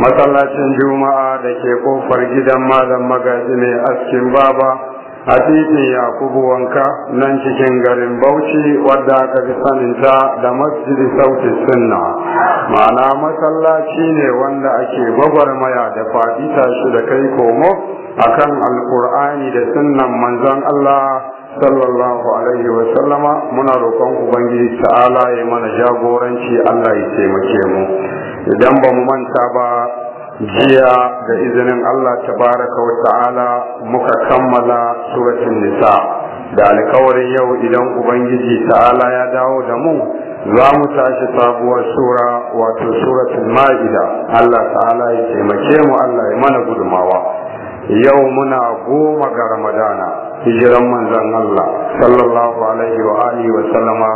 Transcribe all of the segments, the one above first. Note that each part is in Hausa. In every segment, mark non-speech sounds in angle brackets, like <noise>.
masallacin juma'a da ke kofar gidan malam magaji ne, askin baba a titin yakubu wanka nan cikin garin bauchi wadda aka fi saninta da masjidi sauti sunna ma'ana masallaci ne wanda ake gwagwarmaya da faɗi tashi da kai komo a akan alkur'ani da sunnan manzon allah sallallahu alaihi wa sallama muna roƙon ubangiji ta'ala ya mana jagoranci Allah ya taimake mu idan ba mu manta ba jiya da izinin Allah tabaraka wa ta'ala muka kammala suratul nisa da alkawarin yau idan ubangiji ta'ala ya dawo da mu za mu tashi sabuwar sura wato suratul ma'ida Allah ta'ala ya taimake mu Allah ya mana gudumawa yau muna goma ga ramadana hijiran manzon Allah sallallahu alaihi wa wa sallama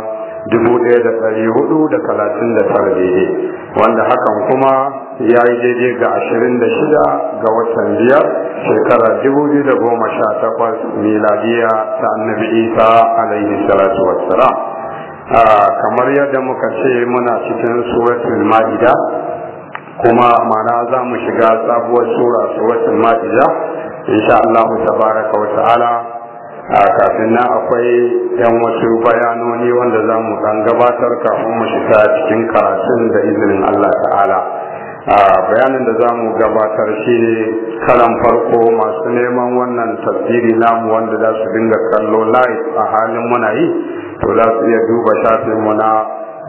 dubu ɗaya da ɗari da talatin da tara daidai wanda hakan kuma ya yi daidai ga ashirin da shida ga watan biyar shekara dubu biyu da goma sha takwas miladiya ta annabi isa alaihi salatu wassalam kamar yadda muka ce muna cikin suratun ma'ida kuma mana za mu shiga sabuwar sura suratun ma'ida insha Allah tabaraka wa ta'ala a kafin nan akwai yan wasu bayanoni wanda za mu dan gabatar kafin mu shiga cikin karatun da izinin Allah ta'ala a bayanin da za mu gabatar shi ne kalan farko masu neman wannan tasiri namu wanda za su dinga kallo live a halin muna yi to za su iya duba shafin mu na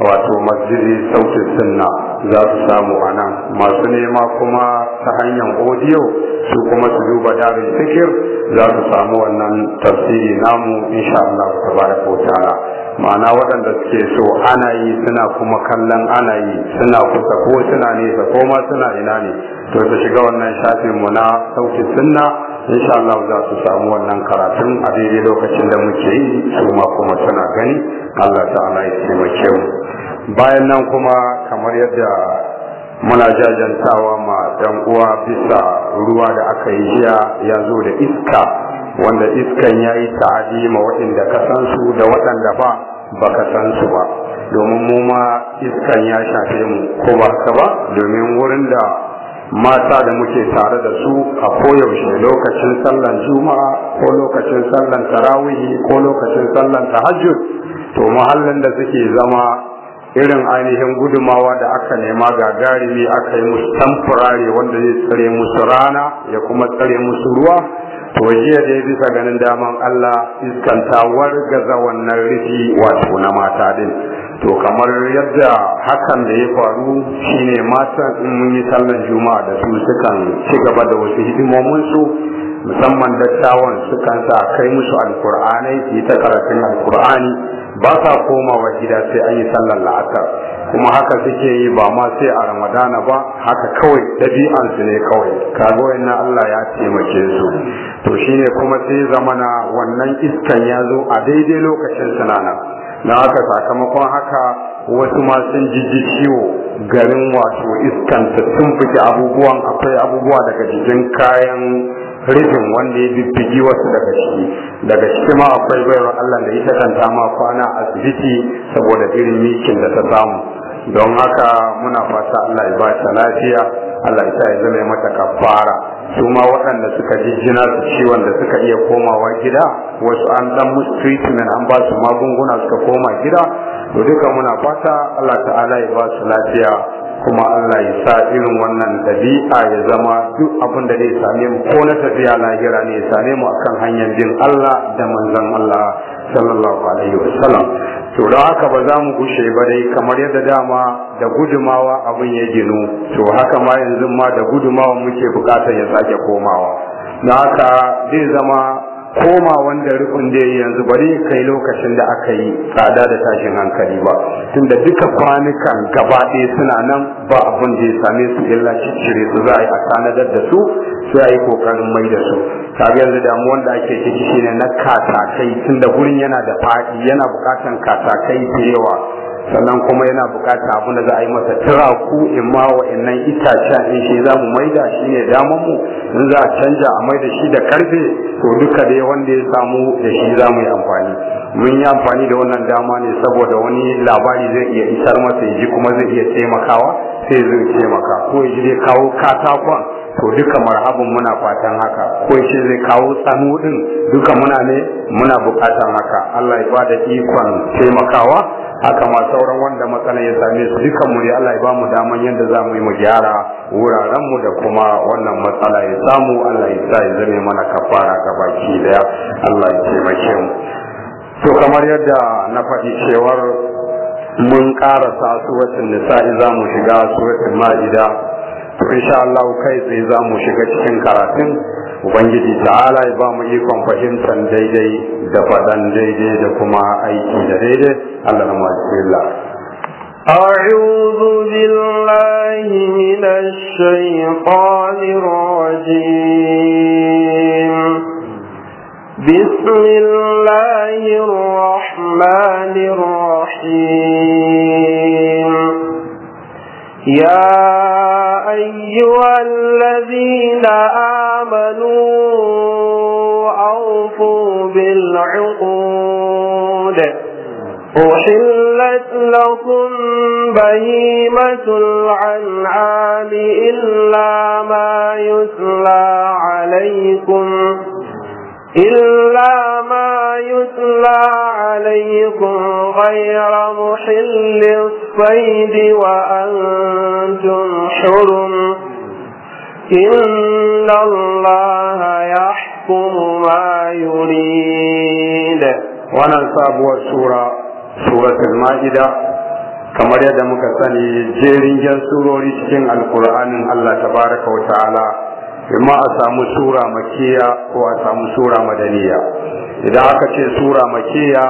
wato masjidi sautin sunna za su samu a nan masu nema kuma ta hanyar audio su kuma su duba darin fikir za su samu wannan tafsiri namu insha Allah ta bada ta'ala ma'ana waɗanda suke so ana yi suna kuma kallon ana yi suna kusa ko suna nesa ko ma suna ina ne to su shiga wannan shafin mu na sautin sunna insha Allah za su samu wannan karatun a daidai lokacin da muke yi su ma kuma suna gani Allah ta'ala ya taimake mu bayan nan kuma kamar yadda muna jajantawa ma dan uwa bisa ruwa da aka yi jiya ya zo da iska wanda iskan ya yi ta'adi ma waɗanda ka san su da waɗanda ba baka san su ba domin mu ma iskan ya shafe mu ko ba ka ba domin wurin da mata da muke tare da su a koyaushe lokacin sallan juma'a ko lokacin sallan tarawihi ko lokacin sallan tahajjud to muhallin da suke zama irin ainihin gudumawa da aka nema ga garimi aka yi musu tamfurare wanda zai tsare musu rana ya kuma tsare musu ruwa to jiya ya bisa ganin daman Allah iskanta wargaza wannan rufi wato na mata din to kamar yadda hakan da ya faru shine mata in mun yi sallar juma'a da su sukan ci gaba da wasu hidimominsu, musamman dattawan sukan sa kai musu alkur'anai su yi ta karatun alkur'ani ba sa komawa gida sai an yi sallar la'akar kuma haka suke yi ba ma sai a ramadana ba haka kawai ɗabi'ansu ne kawai kaga na Allah ya taimake su to shine kuma sai zamana wannan iskan ya zo a daidai lokacin sanana na haka sakamakon haka wasu ma sun ciwo garin wato iskan sun fike abubuwan akwai abubuwa daga jikin kayan rufin wanda ya bibbigi wasu daga ciki daga ciki ma akwai bayar Allah da ita kanta ma kwana asibiti saboda irin mikin da ta samu don haka muna fata Allah ya ba ta lafiya Allah ya sa zama mata kafara su ma waɗanda suka jijjina su ciwon da suka iya komawa gida wasu an dan musu treatment an ba su magunguna suka koma gida to duka muna fata Allah ta'ala ya ba su lafiya kuma Allah ya sa irin wannan dabi'a ya zama duk abin da zai same mu ko na tafiya lahira ne ya same mu akan hanyar bin Allah da manzon Allah sallallahu alaihi wasallam to da haka ba za mu gushe ba dai kamar yadda dama da gudumawa abin ya ginu to haka ma yanzu ma da gudumawa muke bukatar ya sake komawa na haka zai zama koma wanda rukun da yi yanzu bari kai lokacin da aka yi tsada da tashin hankali ba tunda duka kwanukan gaba ɗaya suna nan ba abin da ya same su illa cire su za a yi a tanadar da su sai a yi kokarin mai da su kaga yanzu damuwan da ake ciki ne na katakai tun da gurin yana da faɗi yana bukatan katakai da yawa sannan kuma yana bukata abin da za a yi masa tiraku in ma wa'annan itace in shi za mu maida shi ne daman mu in za a canja a maida shi da karfe to duka dai wanda ya samu da shi za mu yi amfani mun yi amfani da wannan dama ne saboda wani labari zai iya isar masa ya ji kuma zai iya taimakawa sai zai taimaka ko ya ji zai kawo katakon to duka marhabin muna fatan haka ko shi zai kawo tsano din duka muna ne muna bukatan haka Allah ya bada ikon taimakawa haka ma sauran wanda matsalar ya same su dukan mu ne Allah ya ba daman yadda za mu yi mu gyara wurarenmu da kuma wannan matsala ya samu Allah ya sa ya zame mana kafara gabaki daya Allah ya taimake mu to kamar yadda na faɗi cewar mun ƙarasa suratul nisa'i za mu shiga suratul ma'ida insha Allah kai tsaye za mu shiga cikin karatun ubangiji ta'ala ya ba mu ikon fahimtar daidai da faɗan daidai da kuma aiki da daidai Allah na mazilla أعوذ بالله من الشيطان الرجيم بسم الله الرحمن الرحيم يا أيها الذين آمنوا أوفوا بالعقود أحلت لكم بهيمة العنعام إلا ما يسلى عليكم إلا ما يتلى عليكم غير محل الصيد وأنتم حرم إن الله يحكم ما يريد وانا وننصاب والسورة سورة المائدة كما يدى مكساني جيرين جنسور ورشكين القرآن الله تبارك وتعالى imma a samu sura makiya ko a samu sura madaniya idan aka ce sura makiya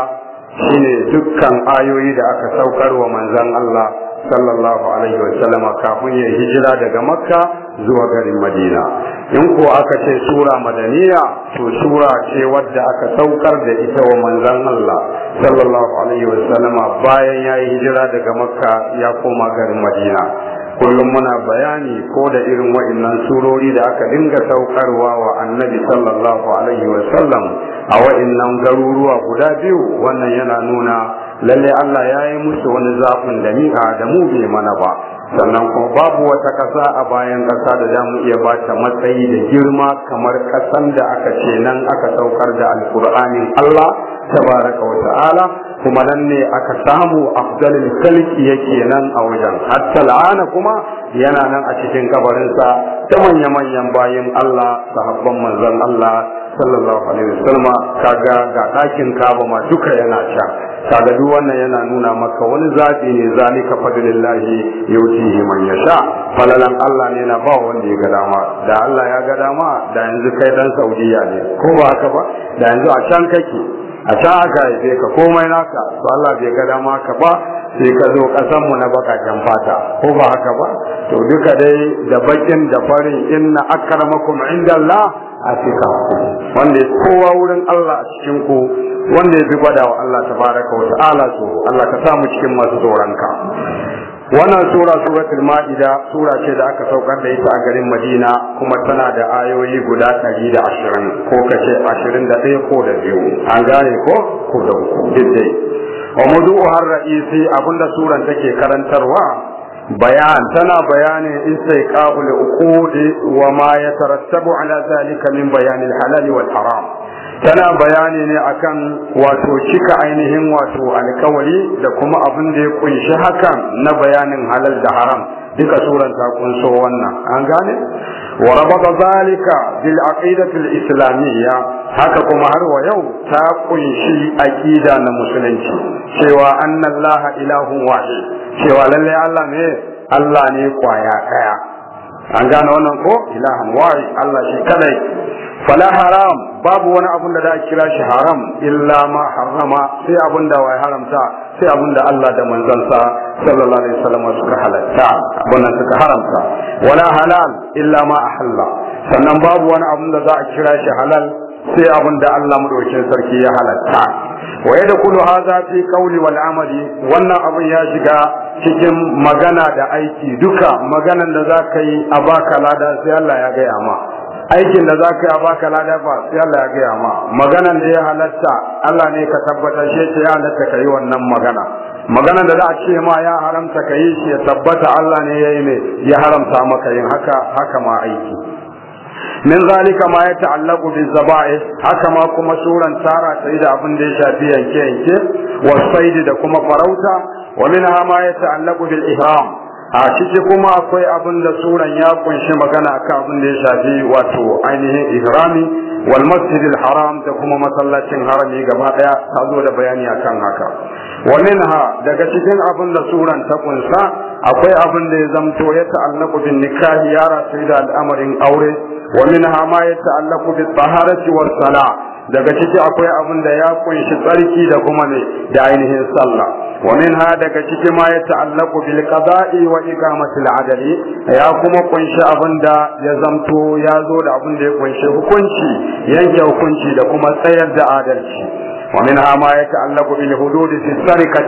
shine dukkan ayoyi da aka saukar wa manzan Allah sallallahu alaihi wasallam kafin ya hijira daga makka zuwa garin madina in ko aka ce sura madaniya to sura ce wadda aka saukar da ita wa manzon Allah sallallahu alaihi wasallam bayan ya hijira daga makka ya koma garin madina kullum muna bayani ko da irin wa'annan surori da aka dinga saukarwa wa annabi sallallahu alaihi wa sallam a wa'annan garuruwa guda biyu wannan yana nuna lalle Allah ya yi musu wani zafin da ni da mu bai mana ba sannan kuma babu wata ƙasa a bayan ƙasa da za mu iya ba ta matsayi da girma kamar ƙasan da aka ce nan aka saukar da alƙur'anin Allah tabaraka wa ta'ala kuma nan ne aka samu afdalul kalki yake nan a wajen hatta la'ana kuma yana nan a cikin sa ta manya-manyan bayin Allah sahabban manzon Allah sallallahu alaihi wasallam kaga ga ɗakin kaba ma duka yana can kaga duk wannan yana nuna maka wani zabi ne zalika fadlillahi yutihi man yasha falalan Allah ne na ba wanda ya ga dama da Allah ya ga dama da yanzu kai dan Saudiya ne ko ba haka ba da yanzu a can kake a can aka haife ka komai naka su Allah bai ga dama ka ba sai ka zo kasan mu na bakaken fata ko ba haka ba to duka dai da bakin da farin inna akramakum inda Allah a cika wanda ya kowa wurin Allah a cikin ku wanda ya fi gwada wa Allah tabaraka wa ala so Allah ka samu cikin masu tsoronka wannan sura suratul ma'ida sura ce da aka saukar da ita a garin Madina kuma tana da ayoyi guda da ashirin, ko ashirin da ɗaya ko da biyu an gane ko ko da uku duk dai wa har ra'isi abinda suran take karantarwa bayan tana bayanin istiqa'ul uqud wa ma yatarattabu ala zalika min bayan al-halal wal haram tana bayani ne akan wato cika ainihin wato alkawari da kuma abin da ya kunshi hakan na bayanin halal da haram duka suran ta kunso wannan an gane وربط ذلك بالعقيدة الإسلامية haka kuma har wa yau ta kunshi aƙida na musulunci cewa annallaha ilahun wahid cewa lallai Allah ne Allah kwaya ɗaya an gane wannan ko ilahan Allah shi fala haram babu wani abun da za a kira shi haram illa ma harama sai abun da wai haramta sai abun da Allah da manzansa sallallahu alaihi wasallam suka halatta wannan suka haramta wala halal illa ma ahalla sannan babu wani abun da za a kira shi halal sai abun da Allah madaukakin sarki ya halatta wa yadkhulu hadha fi qawli wal amali wannan abin ya shiga cikin magana da aiki duka maganan da za ka yi a baka lada sai Allah ya gaya ma aikin da zaka a baka lada ba sai Allah ya gaya ma maganan da ya halatta Allah ne ka tabbatar shi ta ya halatta yi wannan magana maganan da za a ce ma ya haramta kai shi ya tabbata Allah ne yayi ne ya haramta maka yin haka haka ma aiki min zalika ma ya ta'allaqu bi zaba'i haka ma kuma suran tara sai da abin da ya shafi yanke yanke wasaidi da kuma farauta wa ha ma ya ta'allaqu bil ihram a ciki kuma akwai abin da suran ya kunshi magana akan abin da ya shafi wato ainihin ihrami wal haram da kuma masallacin harami gaba daya ta zo da bayani akan haka wa ha, daga cikin abin da suran ta kunsa akwai abin da ya zamto ya ta'allaqu bin nikahi ya rasu da al'amarin aure wa ha ma ya ta'allaqu bi taharati was sala daga ciki akwai abin da ya kunshi tsarki da kuma ne da ainihin sallah ومن هذا كشك ما يتعلق بالقضاء وإقامة العدل يا كما كنش أبندا يزمتو يا زود أبندا كنش كنشي ينجا كنش لكما سيد عدلشي ومنها ما يتعلق بالحدود في السرقة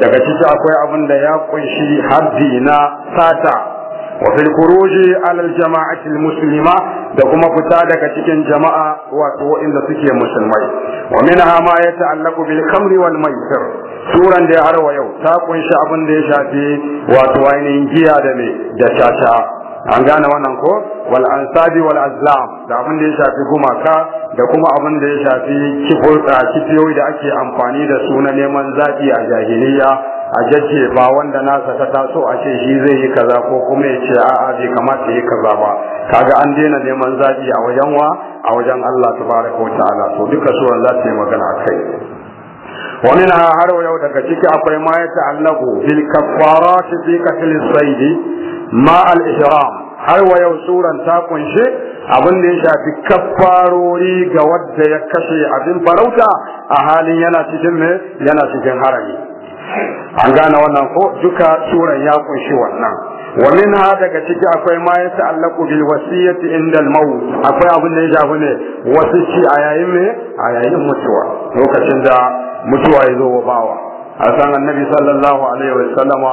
daga ciki أبندا يا كنش ya ساتا wa fil khuruji ala al jama'ati al da kuma fita daga cikin jama'a wato waɗanda suke musulmai wa minha ma yata'allaqu bil khamri wal maisir suran da har wa yau ta kunshi abin da ya shafi wato ainihin giya da me da tata an gane wannan ko wal ansabi wal azlam da abin da ya shafi gumaka da kuma abin da ya shafi kifo kifiyoyi da ake amfani da su na neman zaɓi a jahiliya a jajje ba wanda nasa ta taso a ce shi zai yi kaza ko kuma ya ce a'a bai kamata yi kaza ba kaga an daina neman zaki a wajen wa a wajen Allah tabaraka wa ta'ala to duka suran za ta yi magana kai wani na har yau daga ciki akwai ma ya ta'allaku bil kaffarat fi qatl sayd ma al ihram har wa yau suran ta kunshe abin da ya shafi kafarori ga wadda ya kashe abin farauta a halin yana cikin me yana cikin harami an gane wannan ko duka turan ya kunshi wannan wannan ha daga ciki akwai ma ya ta'allaqu bil wasiyati inda al maut akwai abin da ya shafi ne wasu a yayin me a yayin mutuwa lokacin da mutuwa ya zo wa bawa a san annabi sallallahu alaihi wa sallama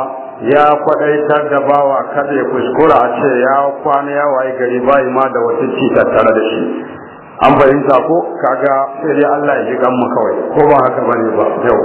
ya kwadaitar da bawa kada ya kuskura a ce ya kwana ya waye gari bai ma da wasu tattare da shi an fahimta ko kaga sai dai Allah ya gan mu kawai ko ba haka bane ba yau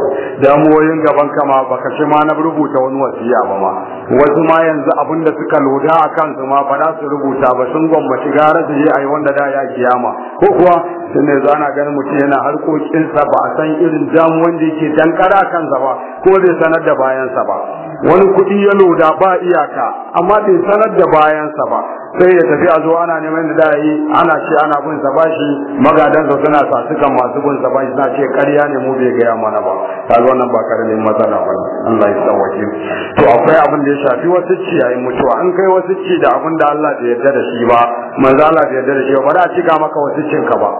damuwoyin gaban kama baka shi ma na rubuta wani wasiya ba ma wasu ma yanzu abin da suka loda a kansu ma ba za su rubuta ba sun gwammaci gara su yi a yi wanda da ya kiyama ko kuwa Sai ne za na ganin mutum yana harkokinsa ba a san irin damuwan da yake dankara kansa ba ko dai sanar da bayansa ba wani kuɗi ya loda ba iyaka amma bai sanar da bayansa ba sai ya tafi a zuwa ana neman da yi ana ce ana bin sa bashi magadansa suna sa suka masu bin bashi suna ce ƙarya ne mu bai gaya mana ba ta zo nan ba karamin matsala ba Allah ya tsawaki to akwai abin da ya shafi wasu ciyayin mutuwa an kai wasu ci da abin da Allah bai yarda da shi ba manzo Allah bai yarda da shi ba da a cika maka wasu cinka ba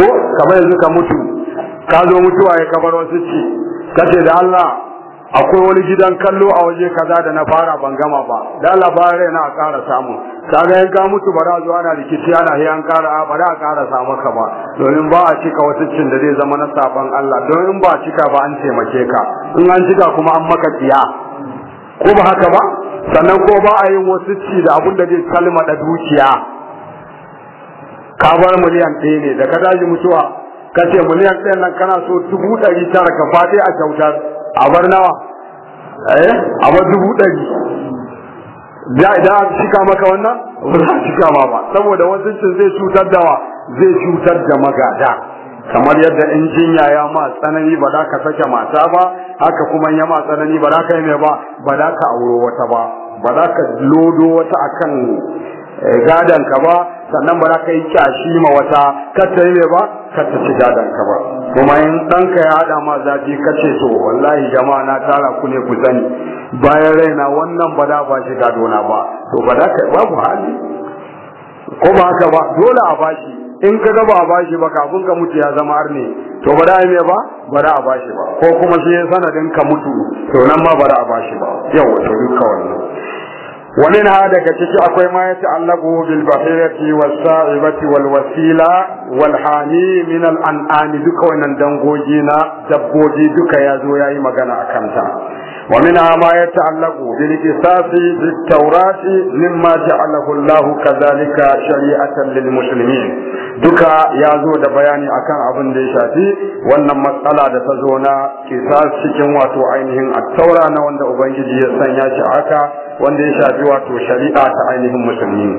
ko kamar yanzu ka mutu ka zo mutuwa ya kabar wasu ci kace da Allah akwai wani gidan kallo a waje kaza da na fara ban gama ba da Allah ba rai na ƙara samu kaga yan ka mutu bara zuwa na rikici ana sai an kara a bara kara sa maka ba domin ba a cika wasu cin da zai zama na saban Allah domin ba a cika ba an taimake ka in an cika kuma an maka tiya ko ba haka ba sannan ko ba a yi wasu ci da abun da zai kalma da dukiya ka bar miliyan ɗaya ne da ka daji mutuwa ka ce miliyan ɗaya nan kana so dubu ɗari tara ka faɗi a kyautar a bar nawa eh a bar dubu ɗari ya idan an cika maka wannan ba za cika ma ba saboda wasincin zai cutar da wa zai cutar da magada kamar yadda in jinya ya ma tsanani ba za ka sake mata ba haka kuma ya ma tsanani ba za ka yi mai ba ba za ka auro wata ba ba za ka lodo wata akan eh, gadon ka ba sannan ba za ka yi kyashi ma wata kar ta yi mai ba kar ta ci gadon ka ba kuma in ɗanka ya haɗa ma zafi ka ce to wallahi jama'a na tara ku ne ku sani bayan raina wannan ba da ba shi gadona ba to ba da kai babu hali ko ba haka ba dole a bashi in ka ga ba a bashi ba kafin ka mutu ya zama arne to ba da me ba ba da a bashi ba ko kuma shi sanadin ka mutu to nan ma ba da a bashi ba yau to duka wannan wani na daga ciki akwai ma yace annabu bil bahirati was sa'ibati wal wasila wal hani min al an'ami duka wannan dangoji na dabbobi duka ya zo ya yi magana a kanta. ومنها ما يتعلق بالاتصاف بالتوراة مما جعله الله كذلك شريعة للمسلمين دكا يازو دا بياني أكان أبن دي شاتي وانا مسألة دا تزونا كساس شكين واتو عينهم التوراة وانا أبنجي يسنيا شعاكا وانا يشاتي واتو شريعة عينهم مسلمين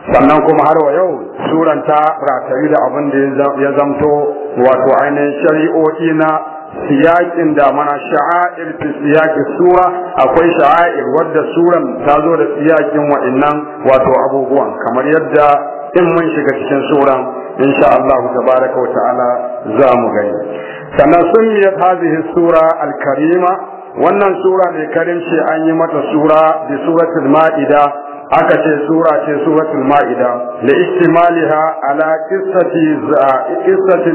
sannan kuma har wa yau suranta ratayi da abin da ya zamto wato ainihin shari'o'i na siyakin damana sha'air fi siyaki sura akwai sha'air wadda suran ta zo da siyakin wa'annan wato abubuwan kamar yadda in mun shiga cikin suran insha Allah tabaraka wa ta'ala za mu gani sannan sunniyat hadhihi sura al-karima wannan sura mai karimci an yi mata sura bi suratul ma'ida aka ce sura ce suratul ma'ida li ihtimaliha ala qissati qissati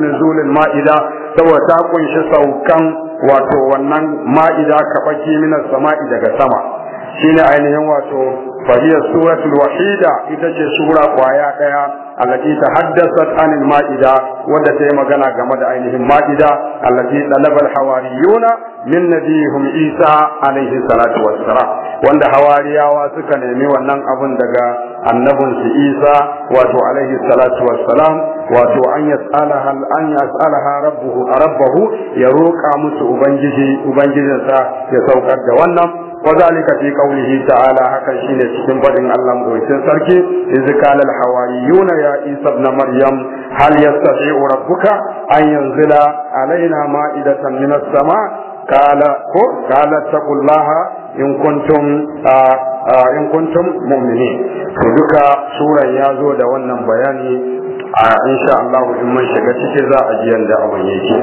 ma'ida saboda ta kunshi saukan wato wannan ma'ida kabaki minas sama'i daga sama shine ainihin wato fariyar suratul wahida ita ce sura kwaya daya allati haddasa anil ma'ida wanda ta yi magana game da ainihin ma'ida allati talabal hawariyuna min nabiyihim isa alaihi salatu wassalam wanda hawariyawa suka nemi wannan abun daga annabin isa wato alaihi salatu wassalam wato an yas'alaha an yas'alaha rabbuhu rabbuhu ya roka musu ubangiji ubangijin ya saukar da wannan wa zalika fi qawlihi ta'ala haka shine cikin baɗin Allah goyin sarki iz kana al hawariyuna ya isa na maryam hal yastati'u urabbuka. an yanzila alaina ma'idatan minas sama قال قال اتقوا in kuntum in kuntum mu'minin to duka suran ya zo da wannan bayani a insha Allah in mun shiga ciki za a ji yanda abin yake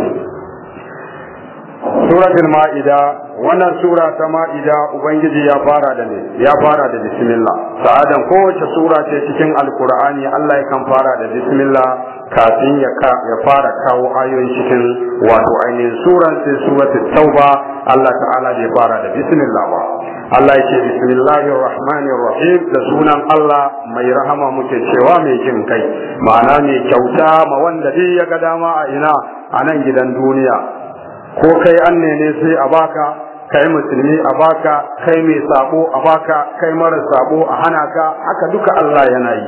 suratul ma'ida wannan sura ta ma'ida ubangiji ya fara da ne ya fara da bismillah sa'adan kowace sura ce cikin alkur'ani Allah ya kan fara da bismillah kafin ya ka ya fara kawo ayoyin cikin wato ainihin suran sai suratul tauba Allah ta'ala ya fara da bismillah ba Allah ya ce bismillahir rahmanir rahim da sunan Allah mai rahama muke cewa mai jin kai ma'ana mai kyauta ma wanda duk ya ga dama a ina a nan gidan duniya ko kai an sai a baka kai musulmi a baka kai mai sabo a baka kai mara sabo a hana ka haka duka Allah yana yi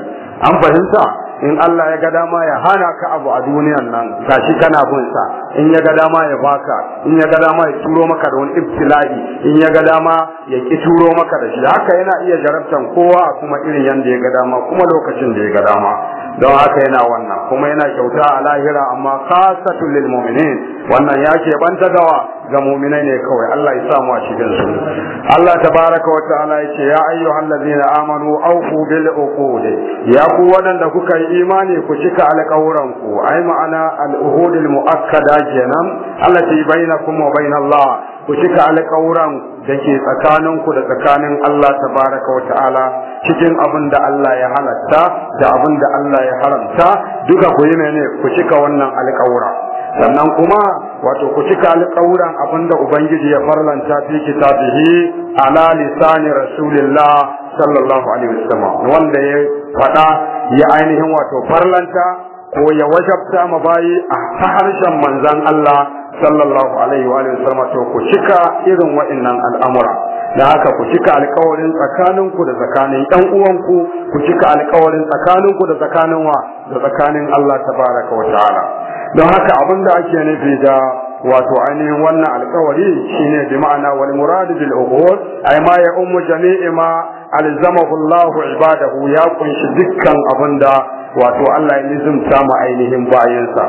an fahimta in Allah ya ga dama ya hana ka abu a duniyan nan gashi kana bin sa in ya ga dama ya baka in ya ga dama ya turo maka da wani ibtilahi in ya ga dama ya ki turo maka da shi haka yana iya jarabtan kowa kuma irin yanda ya ga dama kuma lokacin da ya ga dama don haka yana wannan kuma yana kyauta a lahira amma khasatul lil mu'minin wannan ya ke banta gawa ga mu'minai ne kawai Allah ya sa mu a cikin su Allah tabaraka wa ta'ala yace ya ayyuhal amanu awfu bil uqud ya ku wadanda kuka yi imani ku cika alƙawuran ku ai ma'ana al uhud al muakkada kenan allati bainakum wa bainallah ku cika alƙawuran da ke tsakaninku da tsakanin Allah tabaraka wa ta'ala cikin abin da Allah ya halatta da abin da Allah ya haramta duka ku yi mene ku cika wannan alƙawura sannan kuma wato ku cika alƙawuran abinda ubangiji ya farlanta fi kitabihi ala lisani rasulillah sallallahu alaihi wasallam wanda ya faɗa ya ainihin wato farlanta ko ya wajabta mabayi a harshen manzan Allah sallallahu alaihi wa sallam to ku cika irin wa'annan al'amura da haka ku cika tsakanin tsakaninku da tsakanin ɗan uwanku ku cika tsakanin tsakaninku da tsakanin wa da tsakanin Allah tabaraka wa ta'ala don haka abin da ake nufi da wato ainihin wannan alkawari shine bi ma'ana wal muradu bil uqud ay ma ya ummu jami'i ma alzamahu Allahu ibadahu ya kunshi dukkan abinda wato Allah ya nizumta mu ainihin bayansa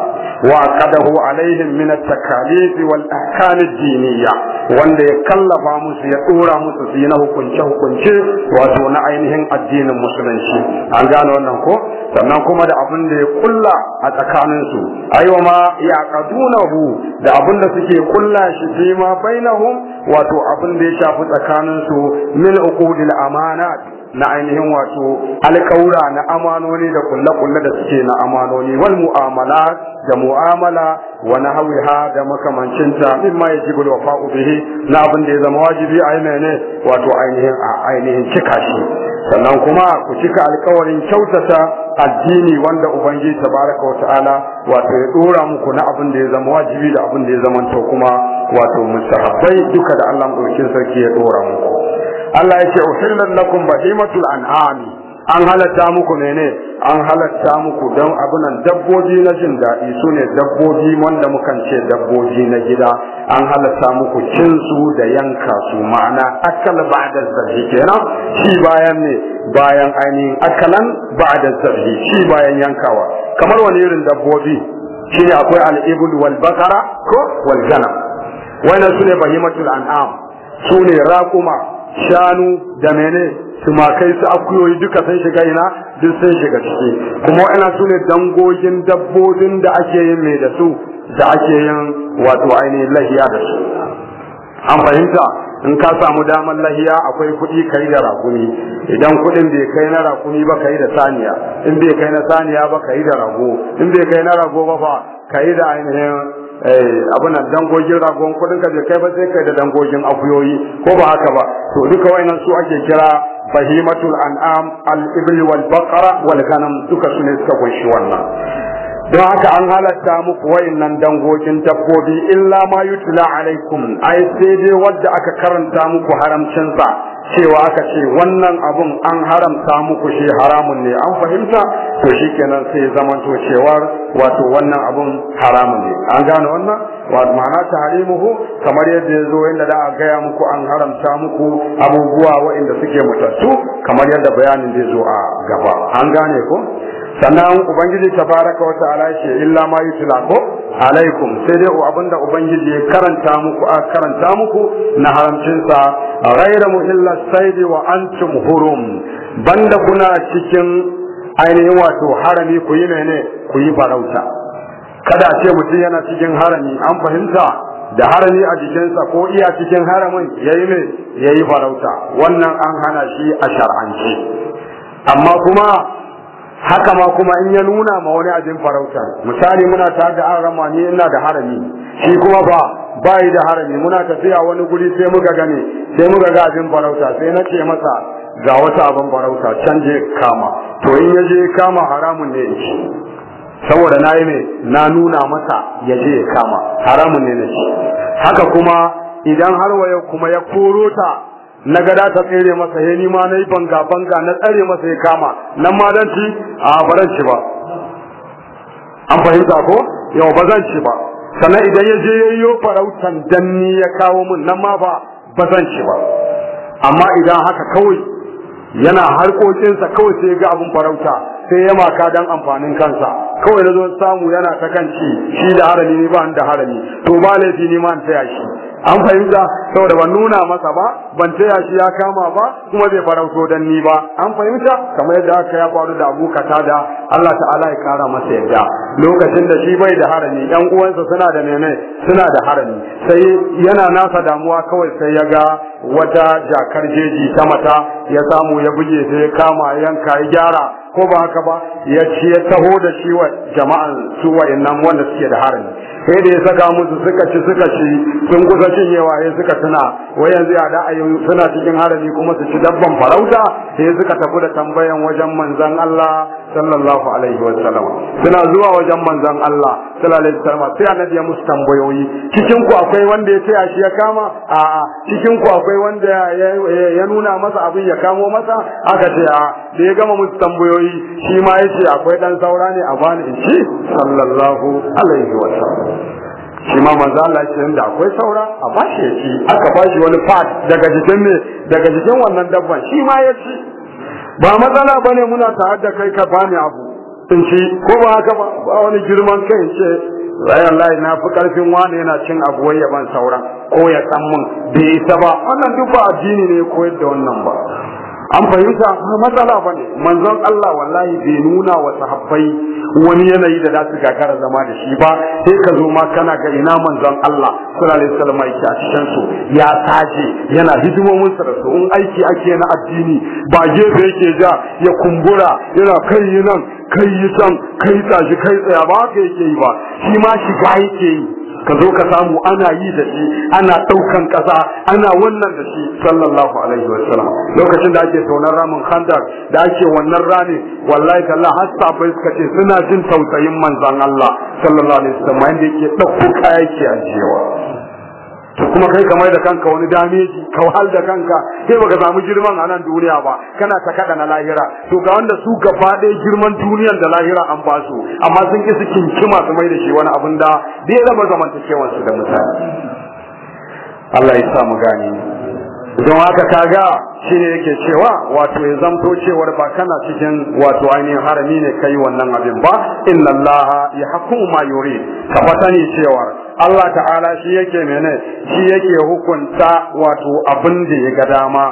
wa qadahu alaihim min at-takalif wal ahkam ad-diniyya wanda ya kallafa musu ya dora musu su na hukunce hukunce wato na ainihin addinin musulunci an gano wannan ko sannan kuma da abin da ya kulla a tsakanin su ayyuma ya da abin da suke kulla shi fi ma bainahum wato abin da ya shafi tsakanin su min uqudil amanat na ainihin wato alƙaura na amanoni da kulle-kulle da suke na amanoni wal mu'amala da mu'amala wa nahwiha da makamancinta mimma yajibu alwafa'u bihi na abin da ya zama wajibi a ne wato ainihin a ainihin cika shi sannan kuma ku cika alƙawarin kyautata addini wanda ubangiji tabaraka wa ta'ala wato ya dora muku na abin da ya zama wajibi da abin da ya zama to kuma wato mustahabbai duka da Allah madaukakin sarki ya dora muku Allah ya ce uhillan lakum bahimatul an'ami an halatta muku menene? an halatta muku dan abunan dabbobi na jin daɗi sune dabbobi wanda mukan ce dabbobi na gida an halatta muku cin su da yanka su ma'ana akal ba'da zabi kenan shi bayan ne bayan ainihin akalan ba'da zabi shi bayan yankawa kamar wani irin dabbobi shine akwai al-ibl wal bakara ko wal ganam wannan su ne bahimatul an'am sune ne raƙuma shanu da mene tumakai su akuyoyi duka sun shiga ina duk sun shiga ciki kuma wa'ina su ne dangogin dabbobin da ake yin mai da su da ake yin wato ainihin lahiya da su an fahimta in ka samu damar lahiya akwai kuɗi ka da rakuni idan kuɗin bai kai na rakuni ba ka da saniya in bai kai na saniya ba ka da rago in bai kai na rago ba fa ka da ainihin Eh, abuna dangogin ragon kudin ka kai ba sai kai da dangogin akuyoyi ko ba haka ba to duka wayannan su ake kira bahimatul an'am al ibl wal baqara wal ganam duka sune suka kunshi wannan don haka an halatta muku wayannan dangogin dabbobi illa ma yutla alaikum ai sai dai wanda aka karanta muku haramcin sa cewa aka ce wannan abun an haramta muku shi haramun ne an fahimta to shikenan sai zamanto cewar wato wannan abun haramun ne an gane wannan wato ma'ana tahrimuhu kamar yadda yazo zo inda da a gaya muku an haramta muku abubuwa waɗanda suke mutattu kamar yadda bayanin zai zo a gaba an gane ko sannan ubangiji ta tabaraka wa ta'ala ya illa ma yi ko alaikum sai dai abinda ubangiji ya karanta muku a karanta muku na haramcinsa, raira mu illa saidi wa antum hurum banda kuna cikin ainihin wato harami ku yi mene ku yi farauta kada ce mutum yana cikin harami an fahimta da harami a jikinsa ko iya cikin haramin ya yi mai ya yi farauta wannan an hana shi a shar'ance amma kuma haka ma kuma in ya nuna ma wani abin farauta misali muna ta da an ni ina da harami shi kuma ba yi da harami muna tafiya wani guri sai muka gane sai muka ga abin farauta sai na ce masa ga wata abin farauta can je kama to in ya je kama haramun ne shi saboda na yi ne na nuna masa ya je kama haramun ne na shi haka kuma idan har waya kuma ya koro ta na gada ta tsere masa ya nima na yi banga banga na tsare masa ya kama nan ma dan ci a baran ci ba an fahimta ko yau ba zan ci ba sannan idan ya je ya yi farautan danni ya kawo min nan ma ba ba zan ci ba amma idan haka kawai yana harkokinsa kawai sai ga abin farauta sai ya maka dan amfanin kansa kawai na zo samu yana ta kan ci shi da harami ne ba da harami to ba laifi ne ma an taya shi an fahimta saboda ban nuna masa ba ban taya shi ya kama ba kuma bai farauto dan ni ba an fahimta kamar yadda aka ya faru da Abu da Allah ta'ala ya kara masa yadda lokacin da shi bai da harami yan uwansa suna da nene suna da harami sai yana nasa damuwa kawai sai ya ga wata jakar jeji ta mata ya samu ya buge sai ya kama yanka ya gyara ko ba haka ba ya ce ya taho da shi wa jama'an su wa'annan wanda suke da harami sai da ya saka musu suka ci suka ci sun kusa cinyewa ya suka tuna wai yanzu ya da suna cikin harami kuma su ci dabban farauta sai suka tafi da tambayan wajen manzon Allah sallallahu alaihi wa sallam suna zuwa wajen manzon Allah sallallahu alaihi wa sallam sai annabi ya musu tambayoyi cikin ku akwai wanda ya taya shi ya kama a a cikin ku akwai wanda ya nuna masa abin ya kamo masa aka ce a da ya gama musu tambayoyi shi ma yace akwai dan saura ne a bani in ci sallallahu alaihi wa sallam shi ma manzo Allah ya ce da akwai saura a bashi ya ci aka bashi wani part daga jikin ne daga jikin wannan dabban shi ma ya ci ba matsala ba ne muna tare da kai ka bani abu in ci ko ba haka ba ba wani girman kai in ce wallahi na fi karfin wani yana cin abu wai ya ban sauran ko ya san mun bai isa ba wannan duk ba addini ne koyar da wannan ba an fahimta matsala ba ne manzon Allah wallahi bai nuna wa sahabbai wani yanayi da za su gagara zama da shi ba sai ka zo ma kana ga ina manzon Allah sallallahu alaihi wasallam yake a cikin ya taje yana hidimomin sa da su in aiki ake na addini ba gefe yake ja ya kumbura yana kai nan kai yi san kai tashi kai tsaya ba ka yake yi ba shi ma shiga yake yi ka zo ka samu ana yi da shi ana ɗaukan ƙasa ana wannan da shi sallallahu alaihi wa sallam lokacin da ake tonar ramin khandar da ake wannan rani wallahi kallah har sabai suka ce suna jin tausayin manzon Allah sallallahu alaihi wa sallam yanda yake ɗauko kayaki a cewa to kuma kai kamar da kanka wani dameji ka wahal da kanka sai baka samu girman a nan duniya ba kana ta kada na lahira to ga wanda su gaba ɗaya girman duniyar da lahira an ba su amma sun ki su kinkima su mai da shi wani abin da bai zama zamantakewar su da mutane Allah ya sa mu gani don haka kaga shine yake cewa wato ya zamto cewar ba kana cikin wato ainihin harami ne kai wannan abin ba inna Allah ya ma yuri ka fatani cewar Allah ta'ala shi yake mene shi yake hukunta wato abin da ya ga dama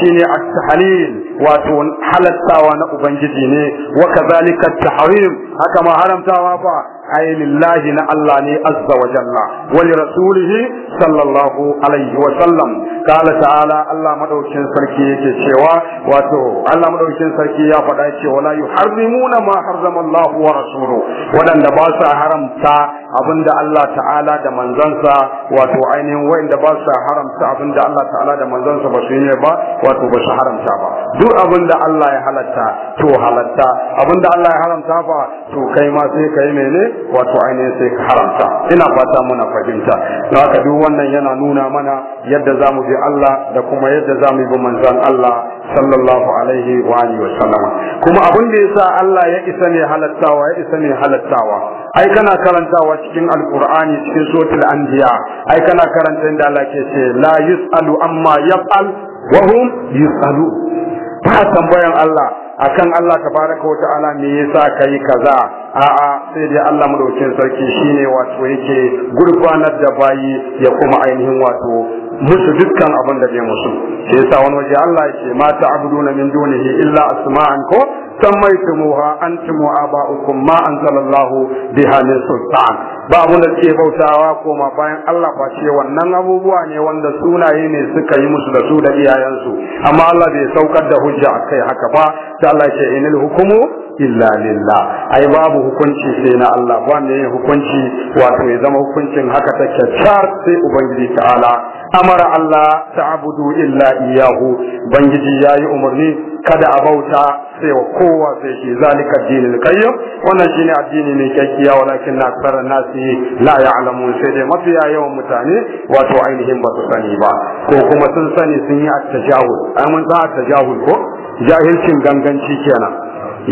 shine at-tahlil wato halattawa na ubangiji ne wa kadhalika at-tahrim haka ma haramtawa fa ai lillahi na Allah ne azza wa jalla wa li rasulihi sallallahu alaihi wa sallam kala ta'ala Allah madaukin sarki yake cewa wato Allah madaukin sarki ya faɗa cewa la yuharrimuna ma harrama Allah wa rasuluhu wadanda ba su haramta abinda Allah ta'ala da manzansa wato ainihin wanda ba su haramta abinda Allah ta'ala da manzansa ba su yi ba wato ba su haramta ba duk abinda Allah ya halatta to halatta abinda Allah ya haramta ba to kai ma sai kai mene wato ainihin sai ka haramta ina fata muna fahimta na haka duk wannan yana nuna mana yadda za mu bi Allah da kuma yadda za mu bi manzan Allah sallallahu alaihi wa alihi wa sallama kuma abin da yasa Allah ya isa ne halattawa ya isa ne halattawa ai kana karantawa cikin alqur'ani cikin suratul anbiya ai kana karanta inda Allah ke ce la yusalu amma yaf'al wa hum yusalu ba tambayan Allah akan Allah tabaraka wa ta'ala me yasa kai kaza a'a sai dai Allah madaukin sarki shine wato yake gurfanar da bayi ya kuma ainihin wato musu dukkan abin da bai musu shi yasa wani waje Allah ya ce ma na min dunihi illa asma'an ko sammaytumuha antum wa aba'ukum ma anzalallahu biha min sultan ba abun da ke bautawa ko ma bayan Allah ba ce wannan abubuwa ne wanda sunaye ne suka yi musu da su da iyayensu amma Allah bai saukar da hujja kai haka ba sai Allah ya ce hukumu illa lillah ai babu hukunci sai na Allah ba ne hukunci wato ya zama hukuncin haka ta char sai ubangiji ta'ala amara Allah abudu illa iyahu bangiji yayi umarni kada a bauta sai wa kowa sai shi zalika dinul kayyo wannan shine addini mai kyakkiya walakin na tsara nasi la alamu, sai dai mafiya yawan mutane wato ainihin ba su sani ba ko kuma sun sani sun yi a tajahul ai mun san at-tajahul ko jahilcin ganganci kenan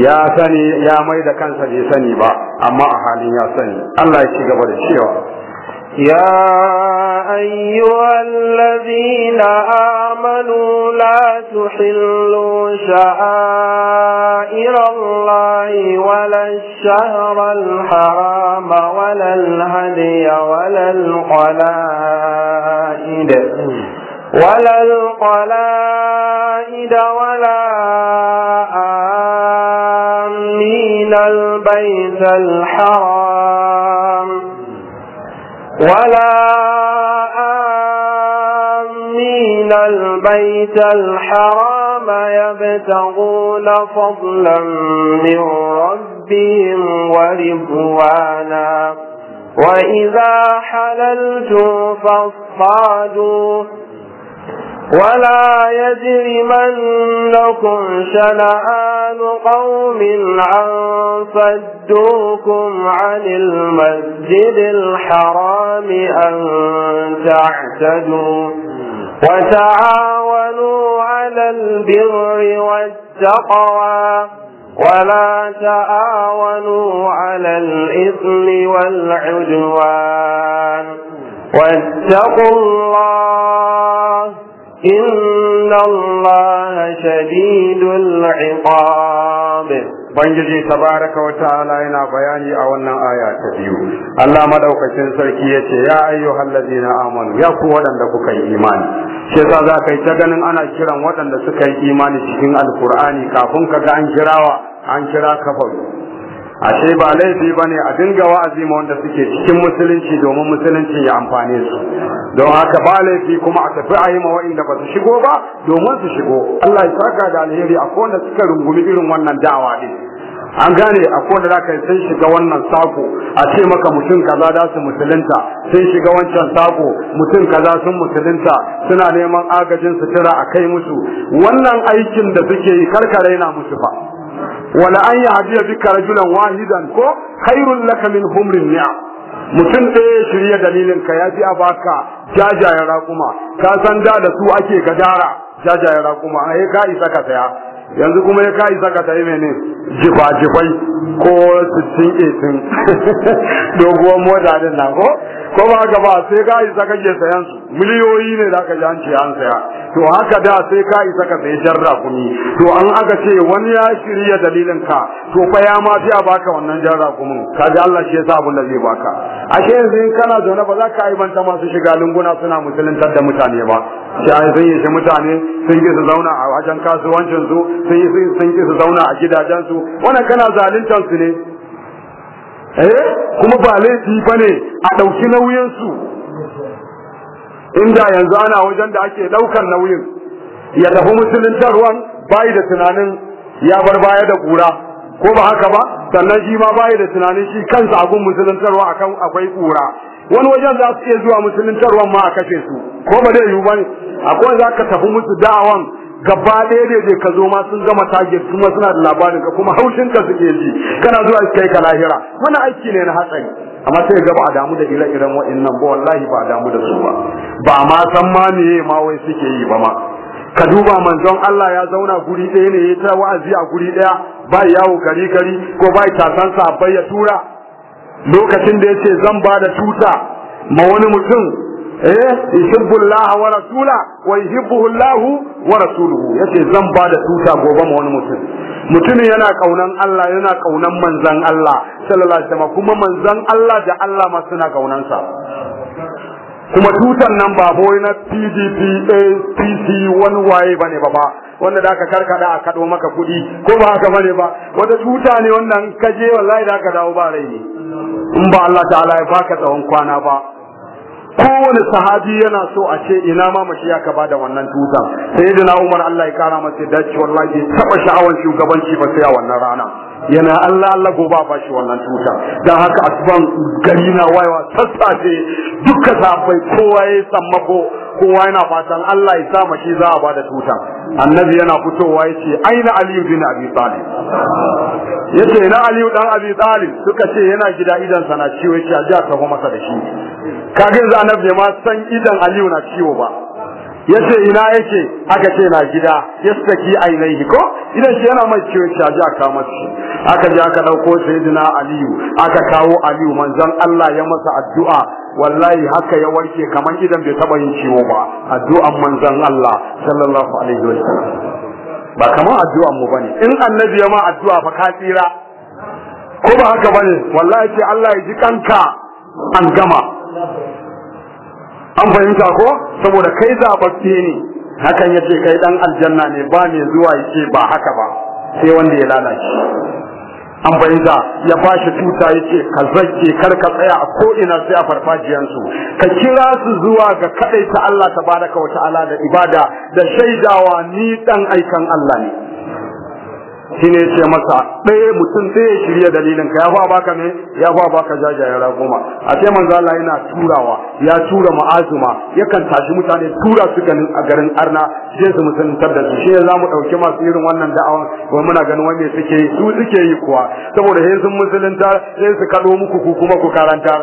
ya sani ya mai da kansa bai sani ba amma a halin ya sani Allah ya ci gaba da cewa يا أيها الذين آمنوا لا تحلوا شعائر الله ولا الشهر الحرام ولا الهدي ولا القلائد ولا القلائد ولا آمين البيت الحرام ولا آمين البيت الحرام يبتغون فضلا من ربهم ورضوانا وإذا حللتم فاصطادوا ولا يجرمنكم شنآن قوم عن صدوكم عن المسجد الحرام أن تعتدوا وتعاونوا على البر والتقوى ولا تعاونوا على الإثم والعدوان واتقوا الله إن الله شديد العقاب Bangiji tabaraka wa ta'ala yana bayani a wannan aya ta biyu. Allah maɗaukacin sarki ya ce ya ayyuhal na amanu ya ku waɗanda kuka yi imani. Shi sa za ka yi ta ganin ana kiran waɗanda suka yi imani cikin Alkur'ani kafin ka ga an kirawa an kira kafa. ashe ba laifi ba ne a dinga wa'azi ma wanda suke cikin musulunci domin musulunci ya amfane su don haka ba laifi kuma a tafi a yi ma wa'inda ba su shigo ba domin su shigo Allah ya saka da alheri a wanda suka rungumi irin wannan da'awa din an gane a wanda za ka yi sun shiga wannan sako a ce maka mutum kaza da su musulunta sun shiga wancan sako mutum kaza sun musulunta suna neman agajin sutura a kai musu wannan aikin da suke yi karkare na musu ba wala an hadiya bika rajulan wahidan ko khairul laka min humrin mutum ɗaya shirya dalilin ka ya ji a baka jajayen raƙuma ka san da da su ake gadara jajayen raƙuma a ka isa ka saya yanzu kuma ya ka isa ka saya mene jifa-jifai ko sittin etin <laughs> doguwar mota din na ko ko ba ka ba sai ka isa kake sayan su miliyoyi ne da ka ji an ce an saya to haka da sai ka isa ka sai jarra kuni to an aka ce wani ya shirya dalilin ka to fa ya ma fi a baka wannan jarra Ka kaji Allah shi yasa abin da zai baka ashe yanzu in kana zaune ba za ka banta masu shiga lunguna suna musuluntar da mutane ba sai sun yi shi mutane sun ki su zauna a wajen kasuwancin su sun yi sun ki su zauna a gidajen su wannan kana zaluntar su ne eh kuma ba laifi bane a dauki nauyin su inda yanzu ana wajen da ake ɗaukar nauyin ya tafi tarwan bayi da tunanin ya bar baya da kura ko ba haka ba sannan shi ma bayi da tunanin shi kansa abun musuluntarwa akan akwai ƙura wani wajen za su iya zuwa tarwan ma a kashe su ko ba zai yiwu ba akwai za ka tafi musu da'awan gaba ɗaya ne zai ka zo ma sun gama target kuma suna da labarin ka kuma haushin ka suke ji kana zuwa kai ka lahira wani aiki ne na hatsari amma sai ga ba a damu da ire-iren wa'annan ba wallahi ba a damu da su ba ba ma san ma meye ma wai suke yi ba ma ka duba manzon Allah ya zauna guri ɗaya ne ya ta wa'azi a guri ɗaya ba yawo gari gari ko ba tasan bai ya tura lokacin da yace zan ba da tuta ma wani mutum eh yuhibbullaha wa rasula wa yuhibbuhu wa rasuluhu yace zan ba da tuta gobe ma wani mutum mutumin yana kaunan Allah yana kaunan manzan Allah sallallahu alaihi wasallam kuma manzan Allah da Allah ma suna kaunan sa kuma tutan nan ba boy na PDP APC wani waye bane ba ba wanda da aka karkada a kado maka kuɗi ko ba haka bane ba wata tuta ne wannan kaje wallahi da ka dawo ba rai ne in ba Allah ta'ala ya baka tsawon kwana ba kowane sahabi yana so a ce ina ma mashi ya ka bada wannan tutan sai da na Umar Allah ya kara masa dace wallahi taba sha'awar shugabanci ba sai a wannan rana yana Allah Allah goba ba shi wannan tuta dan haka asuban gari na wayewa sassafe dukkan sahabbai kowa ya sammako kowa yana fatan Allah ya sa mashi za a ba da tuta annabi yana fitowa yace aina aliyu bin abi talib yace ina aliyu dan abi talib suka ce yana gida idan sana ciwo yace a ji tafi masa da shi kaga yanzu annabi ma san idan aliyu na ciwo ba yace ina yake aka ce na gida yastaki ainihi ko idan shi yana mai ciwo ci aje aka masa aka ji aka dauko sayyidina aliyu aka kawo aliyu manzon Allah ya masa addu'a wallahi haka ya warke kaman idan bai taba yin ciwo ba addu'an manzon Allah sallallahu alaihi wasallam ba kaman addu'an mu bane in annabi ya ma addu'a fa ka tsira ko ba haka bane wallahi ce Allah ya ji kanka an gama an fahimta ko saboda kai zaɓaɓɓe ne hakan yace kai dan aljanna ne ba mai zuwa yace ba haka ba sai wanda ya lalace an fahimta ya fashe tuta yace ka zake kar ka tsaya a ko ina sai a farfajiyan su ka kira su zuwa ga kadai ta Allah tabaraka wa ta'ala da ibada da shaidawa ni dan aikan Allah ne shine ce masa ɗaya mutum ɗaya shirya dalilin ka ya fa baka ne ya fa baka jajayen ragoma a ce manzo Allah yana turawa ya tura ma'azuma yakan tashi mutane tura su ganin a garin arna sai su mutum da su shi za zamu ɗauki masu irin wannan da'awan ba muna ganin wanne suke yi su suke yi kuwa saboda sai sun musulunta sai su kaɗo muku ku kuma ku karanta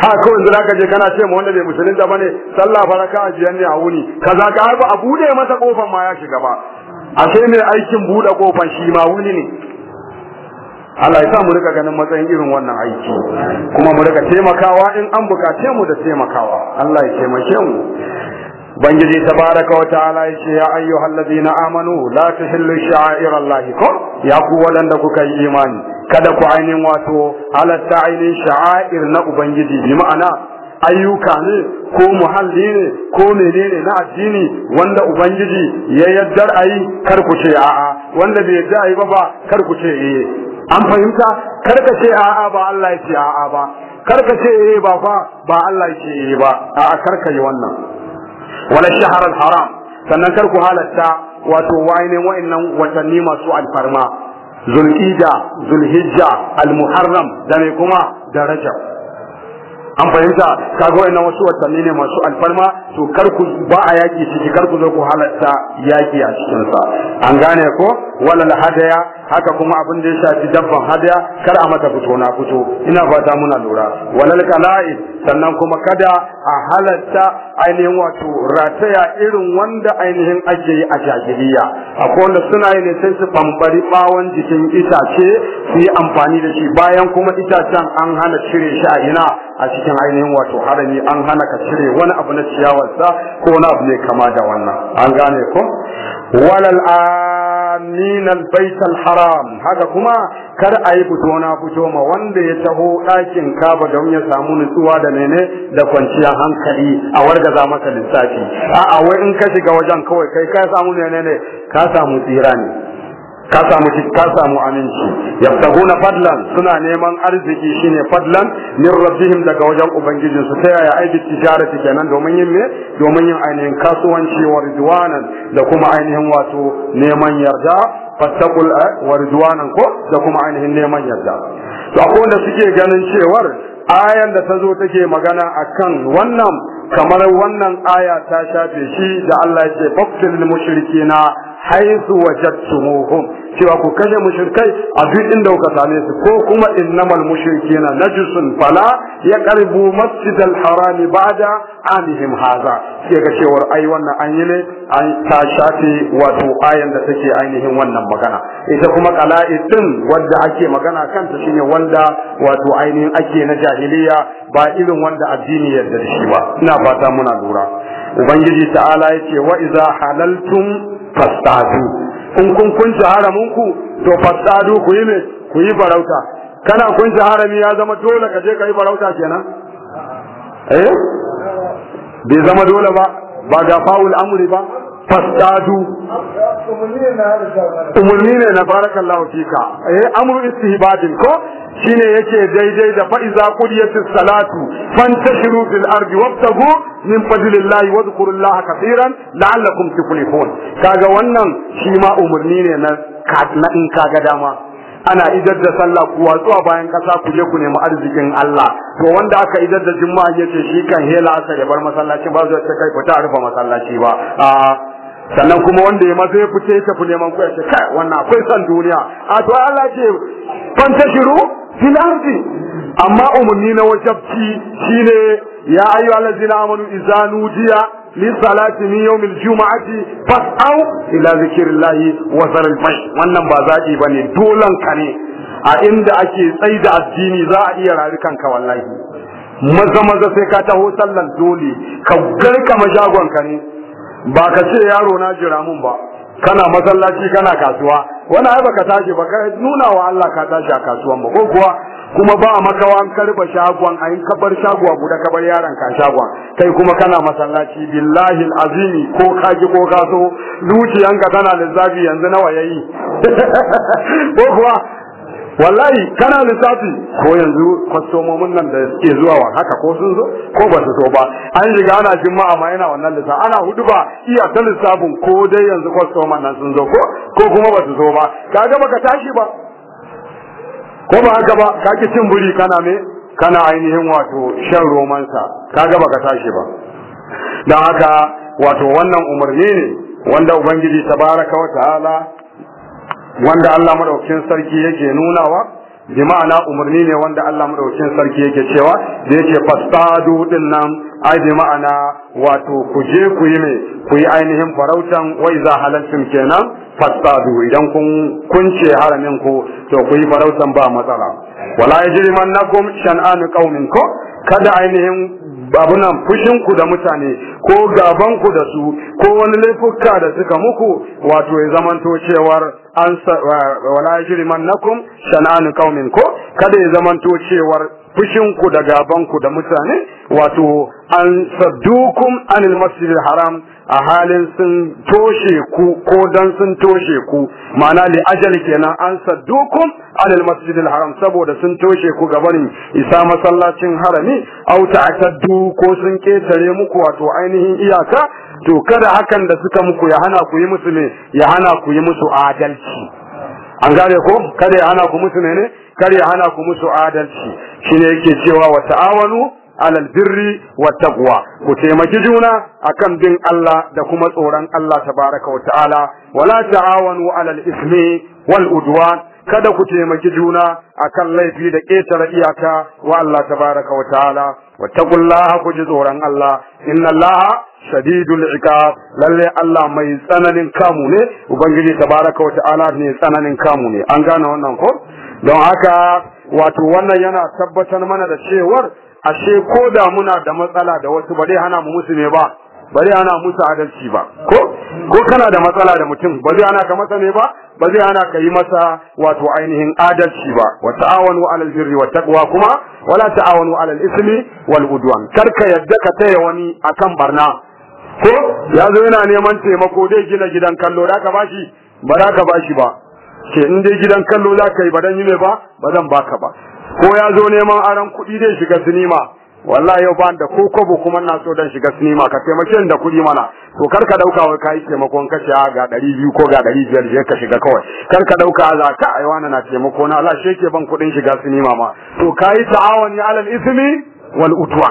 ha ko zira ka je kana ce ma wanda bai musulunta bane sallah faraka a ne a wuni kaza ka har a bude masa kofar ma ya shiga ba ashe mai aikin buɗe kofan shi ma wuni ne Allah ya sa mu rika ganin matsayin irin wannan aiki kuma mu rika taimakawa in an bukace mu da taimakawa Allah ya taimake mu Bangiji tabaraka wa ta'ala ya ce ya ayyuhal ladina amanu la tuhillu sha'air ko ya ku wadanda kuka yi imani kada ku ainin wato halarta ta'ini sha'air na ubangiji bi ma'ana ayyuka ne ko muhalli ne ko menene na addini wanda ubangiji ya yaddar ayi kar ku ce a'a wanda bai yadda ayi ba ba kar ku ce eh an fahimta kar ka ce a'a ba Allah ya ce a'a ba kar ka ce eh ba fa ba Allah ya ce eh ba a'a kar ka yi wannan wala shahr al haram sannan kar ku halatta wato wayne wa'annan watanni masu alfarma zulhijja zulhijja al muharram da ne kuma da rajab an fahimta kaga wayannan wasu watanni ne masu alfarma to kar ku ba a yaki ciki kar ku zo ku halatta yaki a cikin sa an gane ko walal hadaya haka kuma abin da ya shafi dabban hadaya kar a mata fito na fito ina fata muna lura walal kala'i sannan kuma kada a halatta ainihin wato rataya irin wanda ainihin ake yi a jahiliya akwai wanda suna yi ne sai su bambari bawon jikin itace su yi amfani da shi bayan kuma itacen an hana cire shi a ina a cikin ainihin wato harami an hana ka cire wani abu na ciyawarsa ko wani abu ne kama da wannan an gane ko walal amin al haram haka kuma kar a yi fito na fito ma wanda ya taho ɗakin kaba don ya samu nutsuwa da nene da kwanciyar hankali a wargaza maka lissafi a'a wai in ka shiga wajen kawai kai ka samu nene ne ka samu tsira ne ka samu ka samu aminci yaftahuna fadlan suna neman arziki shine fadlan min rabbihim daga wajen ubangijin su ta yaya aiki tijarati kenan domin yin me domin yin ainihin kasuwanci wa ridwanan da kuma ainihin wato neman yarda fattaqul eh, wa ridwanan ko da kuma ainihin neman yarda to akwai wanda suke ganin cewar ayan da tazo take magana akan wannan kamar wannan aya ta shafe shi da Allah ya ce faqtil mushrikina haythu wajadtumuhum cewa ku kashe mushirkai a duk inda kuka same su ko kuma innamal naji najisun fala ya yaqrabu masjidal haram ba'da amihim haza. sai ga cewar ai wannan an yi ne an ta shafi wato ayan da take ainihin wannan magana ita kuma qala'id din wanda ake magana kanta shine wanda wato ainihin ake na jahiliya ba irin wanda addini yarda da shi ba ina fata muna lura ubangiji ta'ala yace wa iza halaltum fasadu in kun kunce haramunku to fasadu ku yi ne ku yi farauta kana kunce harami ya zama dole ka je ka yi farauta kenan eh bai zama dole ba ba ga faul amri ba fasadu umarni ne na a fika eh amru istihbadin ko shine yake daidai da fa'iza qudiyatis salatu fantashiru fil ardi wabtagu min fadlillahi wadhkurullaha kaseeran la'allakum tuflihun kaga wannan shi ma umarni ne na na in kaga dama ana idar da sallah ku watsuwa bayan kasa ku je ku nemi arzikin Allah to wanda aka idar da juma'a yace shi kan hela aka ya bar masallaci ba zai ta kai fita rufe masallaci ba sannan kuma wanda ya mazo ya fice ya tafi neman kuya ce kai wannan akwai san duniya a to Allah ce fanta shiru fil ardi amma umunni na wajabci shine ya ayu allazina amanu idza nudiya li salati min yawm al jumu'ati fas'au ila zikrillahi wa zaril mai wannan ba zabi bane dolan ka ne a inda ake tsaida addini za a iya rayu kanka wallahi maza maza sai ka taho sallan dole ka garka majagon ka ne ba ka ce yaro na jira mun ba kana masallaci kana kasuwa wani ai baka tashi ba kai nuna wa Allah ka tashi a kasuwan ba ko kuwa kuma ba makawa an karba shagon ai ka bar shagon guda ka bar yaron ka shagon kai kuma kana masallaci billahi azimi ko ka ji ko ka so zuciyanka tana lissafi yanzu nawa yayi <laughs> ko kuwa wallahi kana lissafi ko yanzu kwastomomin nan da suke zuwa wa haka ko sun zo ko ba su zo ba an riga ana jima'a ma yana wannan lissafi ana hudu ba iya ta lissafin ko dai yanzu kwastoman nan sun zo ko ko kuma ba su zo ba ga baka tashi ba ko ba haka ba ka ki cin buri kana me kana ainihin wato shan romansa ka ga baka tashi ba dan haka wato wannan umarni ne wanda ubangiji tabaraka wa ta'ala wanda Allah madaukakin sarki yake nunawa bi ma'ana umarni ne wanda Allah madaukakin sarki yake cewa da yake fasadu din nan ai bi ma'ana wato ku je ku yi me ku yi ainihin farautan wa iza halaltum kenan fasadu idan kun kunce haramin ku to ku yi farautan ba matsala wala yajrimannakum shan'anu qaumin ko kada ainihin fushin fushinku da mutane ko gabanku da su ko wani laifuka da suka muku wato ya zamanto cewar an wala yajrimannakum shana'an qaumin ko kada ya zamanto cewar fushinku da gabanku da mutane wato an saddukum anil masjidil haram a halin sun toshe ku ko don sun toshe ku ma'ana li ajal kenan an saddukum alal masjidil haram saboda sun toshe ku gabanin isa masallacin harami au ta'taddu ko sun ketare muku wato ainihin iyaka to kada hakan da suka muku ya hana ku yi musu ne ya hana ku yi musu adalci an gane ko kada ya hana ku musu ne ne kada ya hana ku musu adalci shine yake cewa wa ta'awanu alal birri wa taqwa ku taimaki juna akan bin Allah da kuma tsoron Allah tabaraka wa ta'ala wala ta'awanu alal ismi wal udwan kada ku taimaki juna akan laifi da ƙetare iyaka wa Allah tabaraka wa ta'ala wattaqullaha ku ji tsoron Allah innallaha shadidul iqab lalle Allah mai tsananin kamu ne ubangiji tabaraka wa ta'ala ne tsananin kamu ne an gane wannan ko don haka wato wannan yana tabbatar mana da cewar ashe ko da muna da matsala da wasu ba zai hana mu musu ne ba ba zai hana musu adalci ba ko ko kana da matsala da mutum ba zai hana ka masa ne ba ba zai hana ka yi masa wato ainihin adalci ba wa ta'awanu alal birri wat taqwa kuma wala ta'awanu alal ismi wal udwan kar ka yadda ka taya wani akan barna ko ya zo yana neman taimako dai gina gidan kallo da ka bashi ba da ka bashi ba ke in dai gidan kallo za ka yi ba dan yi ne ba ba zan baka ba ko ya zo neman aron kuɗi zai shiga sinima wallahi yau ban da ko kobo kuma na so dan shiga sinima ka taimake ni da kuɗi mana to kar ka dauka wai kai taimakon ka ce ah, ga 200 ko ga 500 je ka shiga kawai kar ka dauka ah, za ka ai wani na taimako na Allah shi ban kuɗin shiga sinima ma to kai ta'awani alal ismi wal utwa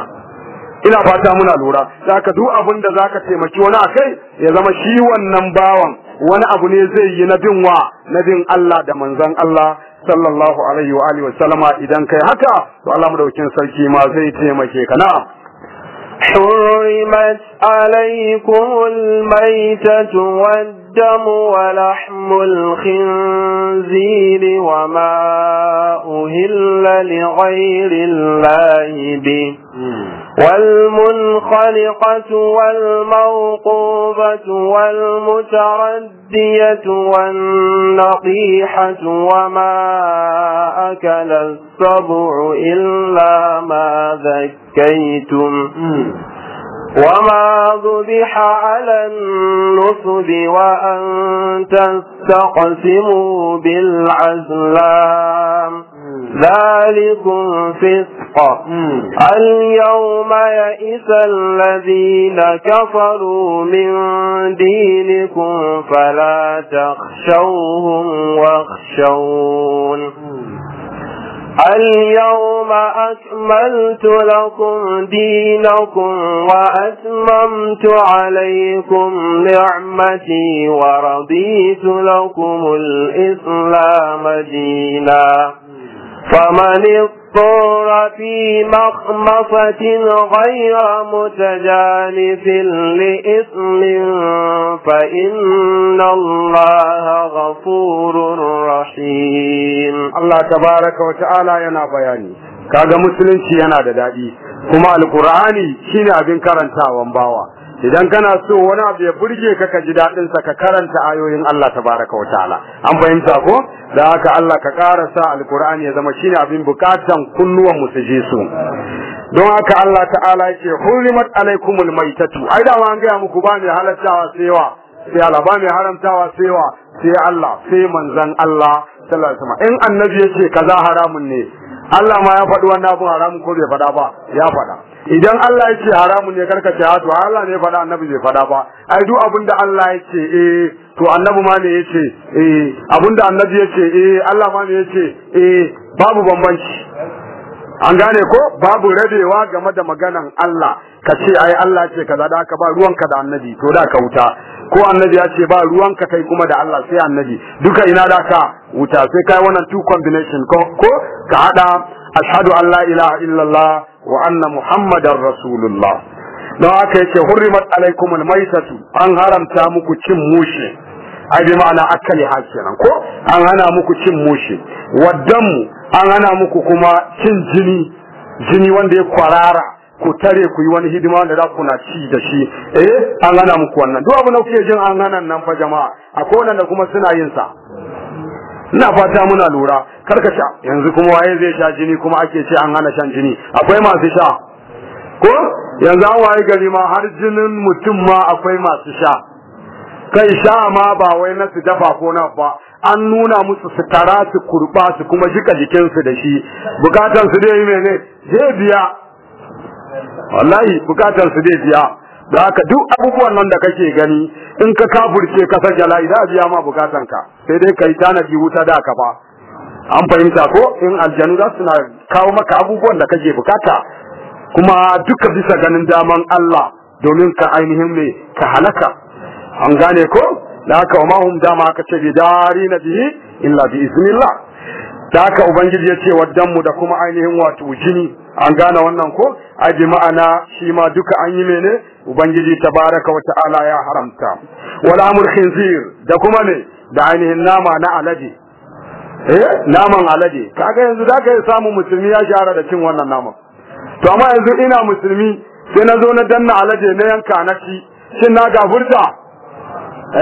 ina fata muna lura zaka duk abin da zaka taimaki wani akai ya zama shi wannan bawan wani abu ne zai yi na bin wa na bin Allah da manzon Allah sallallahu alaihi wa alihi wa sallama idan kai haka to Allah madaukin sarki ma zai taimake ka na'am حرمت عليكم الميتة والدم الدم ولحم الخنزير وما أهل لغير الله به والمنخلقة والموقوبة والمتردية والنقيحة وما أكل السبع إلا ما ذكيتم وما ذبح على النصب وأن تستقسموا بالعزلام ذلكم فسق اليوم يئس الذين كفروا من دينكم فلا تخشوهم واخشون اليوم أكملت لكم دينكم وأتممت عليكم نعمتي ورضيت لكم الإسلام دينا فمن الطور في مخمصة غير متجانس لإثم فإن الله غفور رحيم الله تبارك وتعالى ينا بياني كاغا مسلم yana da كما القرآن alkur'ani shine abin karantawan idan kana so wani abu ya burge ka ka ji dadin sa ka karanta ayoyin Allah tabaaraka wa ta'ala an fahimta ko da haka Allah ka karasa alqur'ani ya zama shine abin bukatan kulluwan mu su don haka Allah ta'ala yake hurimat alaikumul maitatu ai da an ya muku ba mai halattawa sai Allah ba haramtawa sai Allah sai manzon Allah sallallahu alaihi wasallam in annabi yake kaza haramun ne Allah ma ya faɗi wannan abun haramun ko bai faɗa ba ya faɗa idan Allah ya ce haramun ne karka ce ah, to Allah ne faɗa annabi bai faɗa ba ai duk abinda Allah ya ce eh to annabi ma ne yace eh abinda annabi ya ce eh Allah ma ne yace eh babu bambanci an gane ko babu rabewa game da maganan Allah ka ce ai Allah ce kaza da haka ba ruwanka da annabi to da ka wuta ko annabi ya ce ba ruwanka kai kuma da Allah sai annabi duka ina da ka wuta sai kai wannan two combination ko ka hada ashhadu an la ilaha illallah wa anna muhammadar rasulullah don aka yace hurrimat alaikum maisatu an haramta muku cin mushe ai bi ma'ana akali hakinan ko an hana muku cin mushe mu an hana muku kuma cin jini jini wanda ya kwarara ku tare ku yi wani hidima da za ku na ci da shi eh an hana muku wannan duk abu na kuke jin an hana nan fa jama'a akwai wanda kuma suna yin sa ina fata muna lura karka sha yanzu kuma waye zai sha jini kuma ake ce an hana shan jini akwai masu sha ko yanzu an waye gari ma har jinin mutum ma akwai masu sha kai sha ma ba wai na su dafa ko na ba an nuna musu su tara su kurba su kuma jika jikinsu da shi bukatan su dai mene zai biya wallahi bukatan su dai biya da haka duk abubuwan nan da kake gani in ka kafurce ka sake jala'i da biya ma bukatan ka sai dai kai tanadi wuta da ka ba an fahimta ko in aljanu za su na kawo maka abubuwan da kake bukata kuma duka bisa ganin daman Allah domin ka ainihin ne ka halaka an gane ko da haka wa mahum dama aka ce bi dari na bihi illa bi iznillah da haka ubangiji ya ce waddan da kuma ainihin wato jini an gane wannan ko a jima'a ma'ana shi ma duka an yi mene ubangiji tabaraka wa ta'ala ya haramta wal amr khinzir da kuma ne da ainihin nama na alade eh naman alade kaga yanzu zaka kai samu musulmi ya shahara da cin wannan naman to amma yanzu ina musulmi sai na zo na danna alade na yanka na shi shin na gafurta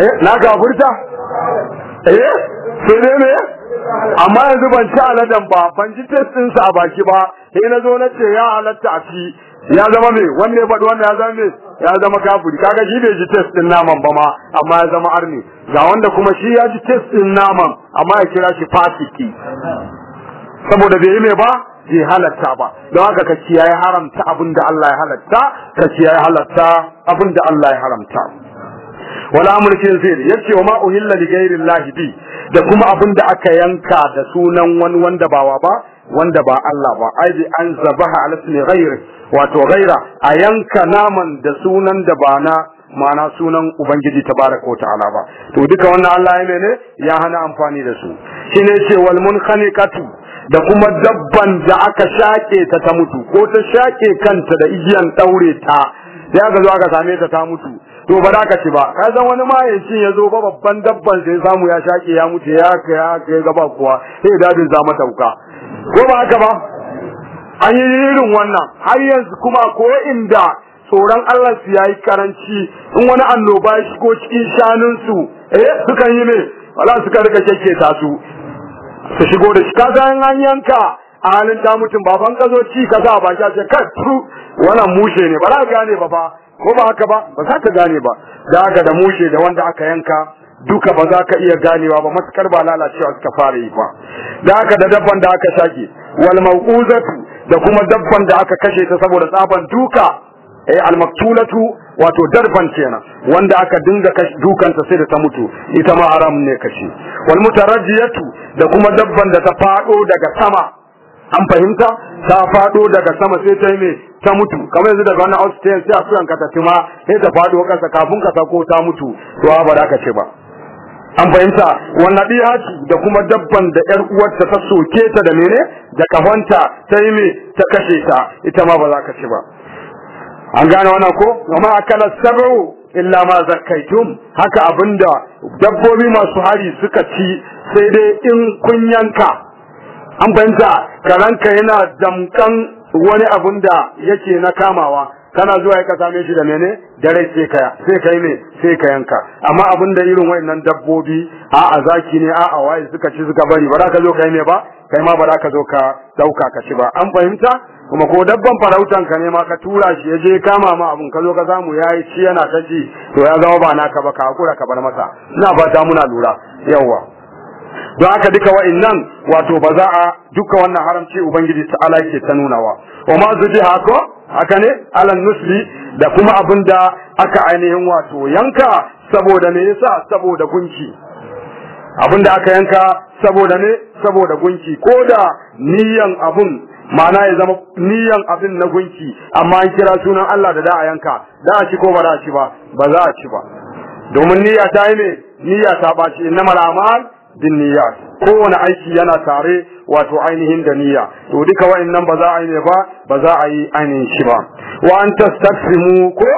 eh na gafurta eh sai dai ne amma yanzu ban ci aladan ba ban ji test din sa a baki ba sai na zo na ce ya halatta a ci ya zama me wanne ba ya zama me ya zama kafiri kaga shi bai ji test din naman ba ma amma ya zama arni ga wanda kuma shi ya ji test din naman amma ya kira shi fasiki saboda bai yi mai ba bai halatta ba don haka ka ciyayi haramta abinda da Allah ya halatta ka ciyayi halatta abin Allah ya haramta wala amurkin zai yace wa ma uhilla li ghairi da kuma abin da aka yanka da sunan wani wanda ba ba wanda ba Allah ba ai bi an zabaha ala ismi ghairi wato ghaira a yanka naman da sunan da ba na ma'ana sunan ubangiji ta wa ta'ala ba to duka wannan Allah ya mene ya hana amfani da su shine ce wal munkhaniqatu da kuma dabban da aka shake ta ta mutu ko ta shake kanta da igiyan daure ta sai aka zo aka same ta ta mutu to ba za ka ci ba ka san wani mahaifin ya zo ba babban dabban sai samu ya shaƙe ya mutu ya ya ya gaba kuwa sai ya dadin za mata uka ko ba haka ba an yi irin wannan har yanzu kuma ko inda tsoron Allah su yayi karanci in wani annoba ya shigo cikin shanun su eh sukan yi ne wala suka rika ta su su shigo da shi ka an yanka a halin ta mutum baban ka zo ci ka sa ba ka ce kai wannan mushe ne ba za ka gane ba ba ko ba haka ba ba za ka gane ba da haka da mushe da wanda aka yanka duka ba za ka iya ganewa ba matukar ba lalacewa suka fara yi ba da haka da dabban da aka shake wal mauzatu da kuma dabban da aka kashe ta saboda tsaban duka eh al maktulatu wato darban kenan wanda aka dinga ta sai da ta mutu ita ma haram ne kashe wal mutarajiyatu da kuma dabban da ta fado daga sama an fahimta ta fado daga sama sai ta yi ta mutu kamar yanzu daga wannan oxygen sai a suyan ka ta tima, sai ta fado kasa kafin ka sako ta mutu to ba za ka ce ba an fahimta wannan dihati da kuma dabban da yar uwarta ta soke ta da mene da kafanta ta yi mai ta kashe ta ita ma ba za ka ce ba an gane wannan ko amma akala sabu illa ma zakaitum haka abinda dabbobi masu hari suka ci sai dai in kun yanka an fahimta karanka yana damkan wani abun da yake na kamawa kana zuwa ka same shi da mene da rai sai ka sai kai ne sai ka yanka amma abun da irin wayannan dabbobi a a zaki ne a a waye suka ci suka bari ba za ka zo kai ne ba kai ma ba za ka zo ka dauka ka ci ba an fahimta kuma ko dabban farautan ka ne ma ka tura shi yaje kama ma abun ka zo ka samu yayi shi yana ta ci to ya zama ba naka ba ka hakura ka bar masa ina fata muna lura yawa don haka duka wa'annan wato ba za a duka wannan haramci ubangiji ala yake ta nunawa wa ma zubiha hako, haka ne alan nusli da kuma abin da aka ainihin wato yanka saboda me yasa saboda gunki abin da aka yanka saboda ne saboda gunki ko da niyan abun ma'ana ya zama niyan abin na gunki amma an kira sunan Allah da da a yanka da a ci ko ba da a ci ba ba za a ci ba domin niyya ta yi ne niyya ta ɓaci inna amal bin niyyat kowane aiki yana tare wato ainihin da niyya to duka wa'annan ba za a yi ne ba ba za a yi ainihin shi ba wa an tastaqsimu ko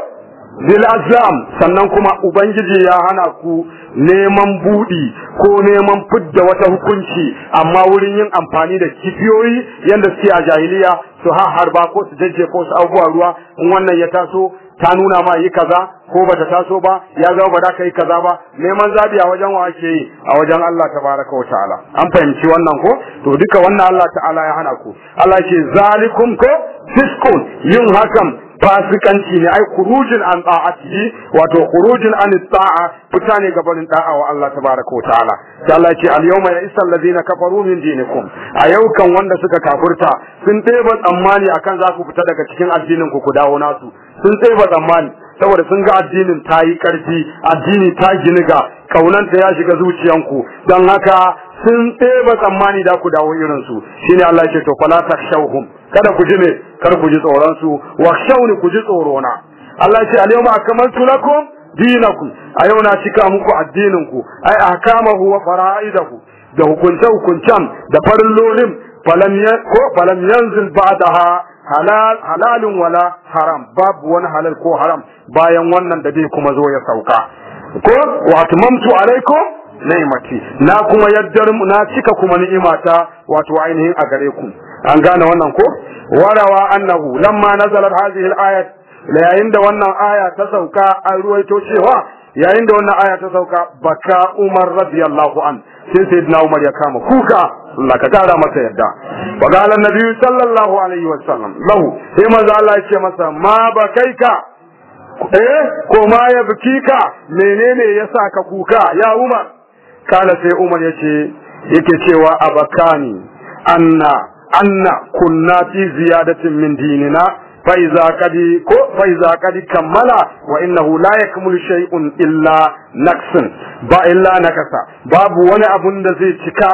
bil azam sannan kuma ubangiji ya hana ku neman budi ko neman fidda wata hukunci amma wurin yin amfani da kifiyoyi yanda suke a jahiliya su har harba ko su jajje ko su abubuwa ruwa in wannan ya taso ta nuna ma yi kaza ko bata taso ba ya zama ba da ka yi kaza ba neman zabi a wajen wa ake yi a wajen Allah tabaraka wa ta'ala an fahimci wannan ko to duka wannan Allah ta'ala ya hana ku Allah ce zalikum ko fiskun yin hakan fasikanci ne ai khurujin an ta'atihi wato khurujin an ta'a fita ne ga barin da'a wa Allah tabaraka wa ta'ala sai Allah ya ce al yawma isal ladina kafaru min dinikum a yau kan wanda suka kafurta sun ɗeba tsammani akan za ku fita daga cikin addinin ku ku dawo nasu sun ɗeba tsammani saboda sun ga addinin ta yi ƙarfi addini ta giniga kaunanta ya shiga zuciyanku don haka sun ɗeba tsammani da ku dawo irinsu shine Allah ya ce to fala takshawhum kada ku ji me kar ku ji tsoron su wa shauni ku ji tsoro na Allah ce al-yawma akmaltu lakum dinakum a yau na cika muku addinin ku ai ahkamahu wa fara'idahu da hukunce hukuncen da farin lolin falam ko falam yanzil ba'daha halal halalun wala haram babu wani halal ko haram bayan wannan da zai kuma zo ya sauka ko wa atmamtu alaikum ni'mati na kuma yaddar na cika kuma ni'imata wato ainihin a gare ku an gane wannan ko warawa annahu lamma nazalat hadhihi al-ayat yayin da wannan aya ta sauka an ruwaito cewa yayin da wannan aya ta sauka baka Umar radiyallahu an sai sayyidina Umar ya kama kuka Allah ka kara masa yadda wa qala an-nabi sallallahu alaihi wasallam lahu sai manzo Allah ya masa ma bakaika eh ko ma ya bikika menene yasa ka kuka ya Umar kala sai Umar yake yake cewa abakani anna anna kunna fi ziyadatin min dinina fa iza qadi ko fa iza qadi kammala wa innahu la yakmulu shay'un illa naqsun ba illa nakasa babu wani abun da zai cika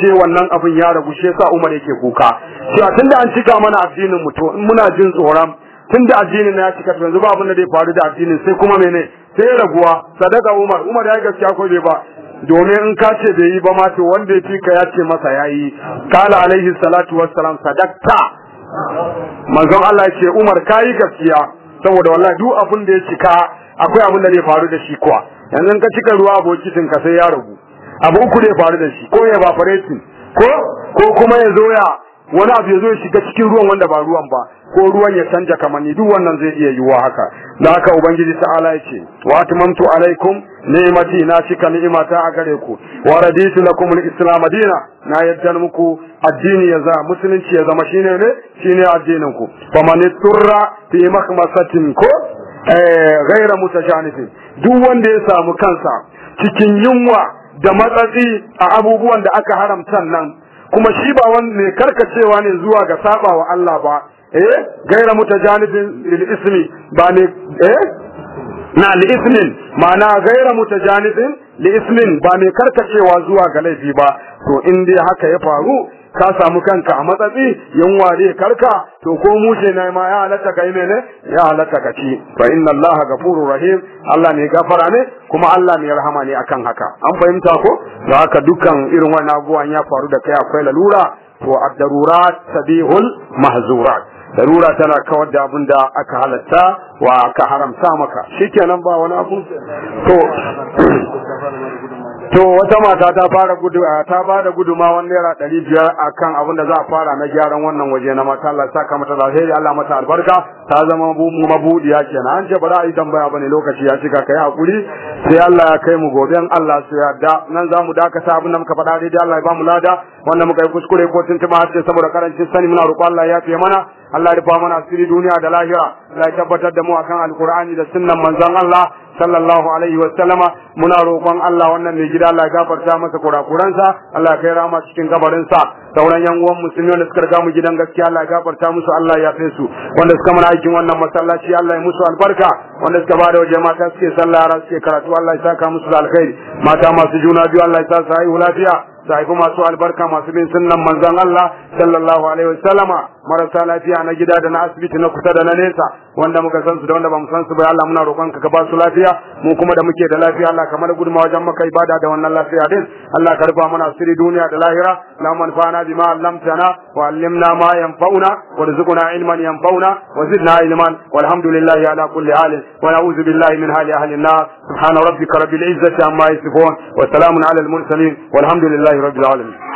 ce wannan abun ya ragu shi yasa Umar yake kuka cewa tunda an cika mana addinin mu to muna jin tsoron tunda addinin ya cika to yanzu ba abun da zai faru da addinin sai kuma mene sai raguwa sadaka Umar Umar ya gaskiya ko bai ba domin in ka ce bai yi ba ma to wanda ya ka ya ce masa yayi kala alaihi salatu wassalam sadaqta manzon Allah ya ce Umar kai gaskiya saboda wallahi duk abin da ya cika akwai abin da zai faru da shi kuwa yanzu ka cika ruwa abokin ka sai ya ragu abu uku ne faru da shi ko ya evaporate ko ko kuma ya zo ya wani abu ya zo ya shiga cikin ruwan wanda ba ruwan ba ko ruwan ya canja kamanni duk wannan zai iya yiwuwa haka da haka ubangiji ta'ala ce wa atmamtu alaikum ni'mati na cika ni'imata a gare ku wa raditu lakum al-islam na yadda muku addini ya za musulunci ya zama shine ne shine addinin ku faman turra fi makhmasatin ko eh ghayra duk wanda ya samu kansa cikin yunwa da matsatsi a abubuwan da aka haramta nan kuma shi ba wani mai karkacewa ne zuwa ga saba wa Allah ba eh gaira mutajanibin lil ismi ba ne eh na ismin ma'ana gaira mutajanibin li ismin ba mai karkacewa zuwa ga laifi ba to in dai haka ya faru ka samu kanka a matsatsi yunwa zai karka to ko mushe na ma ya halatta ka mene ya halatta ka ci fa inna Allah gafurur rahim Allah ne gafara ne kuma Allah ne rahama ne akan haka an fahimta ko da haka dukkan irin wannan abubuwan ya faru da kai akwai lalura to ad-darurat tabihul mahzurat darura tana kawar da abin da aka halatta wa aka haramta maka shikenan ba wani abu to to wata mata ta fara gudu ta ba da guduma naira ɗari biyar akan abin da za a fara na gyaran wannan waje na mata Allah saka mata da alheri Allah mata albarka ta zama mabudiya kenan an ce ba za a yi tambaya bane lokaci ya cika kai hakuri sai Allah ya kai mu gobe in Allah su yarda nan za mu dakata abin da muka faɗa dai Allah ya ba mu lada wannan muka yi kuskure ko tuntuɓa har sai saboda karancin sani muna roƙon Allah ya fiye mana Allah rufa mana asiri duniya da lahira Allah ya tabbatar da mu akan alkur'ani da sunnan manzon Allah sallallahu alaihi wa sallama muna roƙon Allah wannan mai gida Allah ya gafarta masa kurakuransa Allah ya kai rama cikin gabarinsa sauran yan uwan musulmi wanda suka riga mu gidan gaskiya Allah ya gafarta musu Allah ya yafe su wanda suka mana aikin wannan masallaci Allah ya musu albarka wanda suka da waje mata suke sallah yara suke karatu Allah ya saka musu da alkhairi mata masu juna biyu Allah ya sa su haihu lafiya su haifi masu albarka masu bin sunnan manzon Allah sallallahu alaihi wa sallama marasa lafiya na gida da na asibiti na kusa da na nesa wanda muka san su da wanda bamu san su ba Allah muna roƙon ka ka ba su lafiya mu kuma da muke da lafiya Allah kamar gudma wajen maka ibada da wannan lafiya din Allah ka rufa mana sirri duniya da lahira la manfa'ana bima allamtana wa allimna ma yanfa'una warzuqna ilman yanfa'una wa zidna ilman walhamdulillahi ala kulli hal wa na'udzu billahi min hali ahli an-nar subhana rabbika rabbil izzati amma yasifun wa salamun ala al-mursalin walhamdulillahi rabbil alamin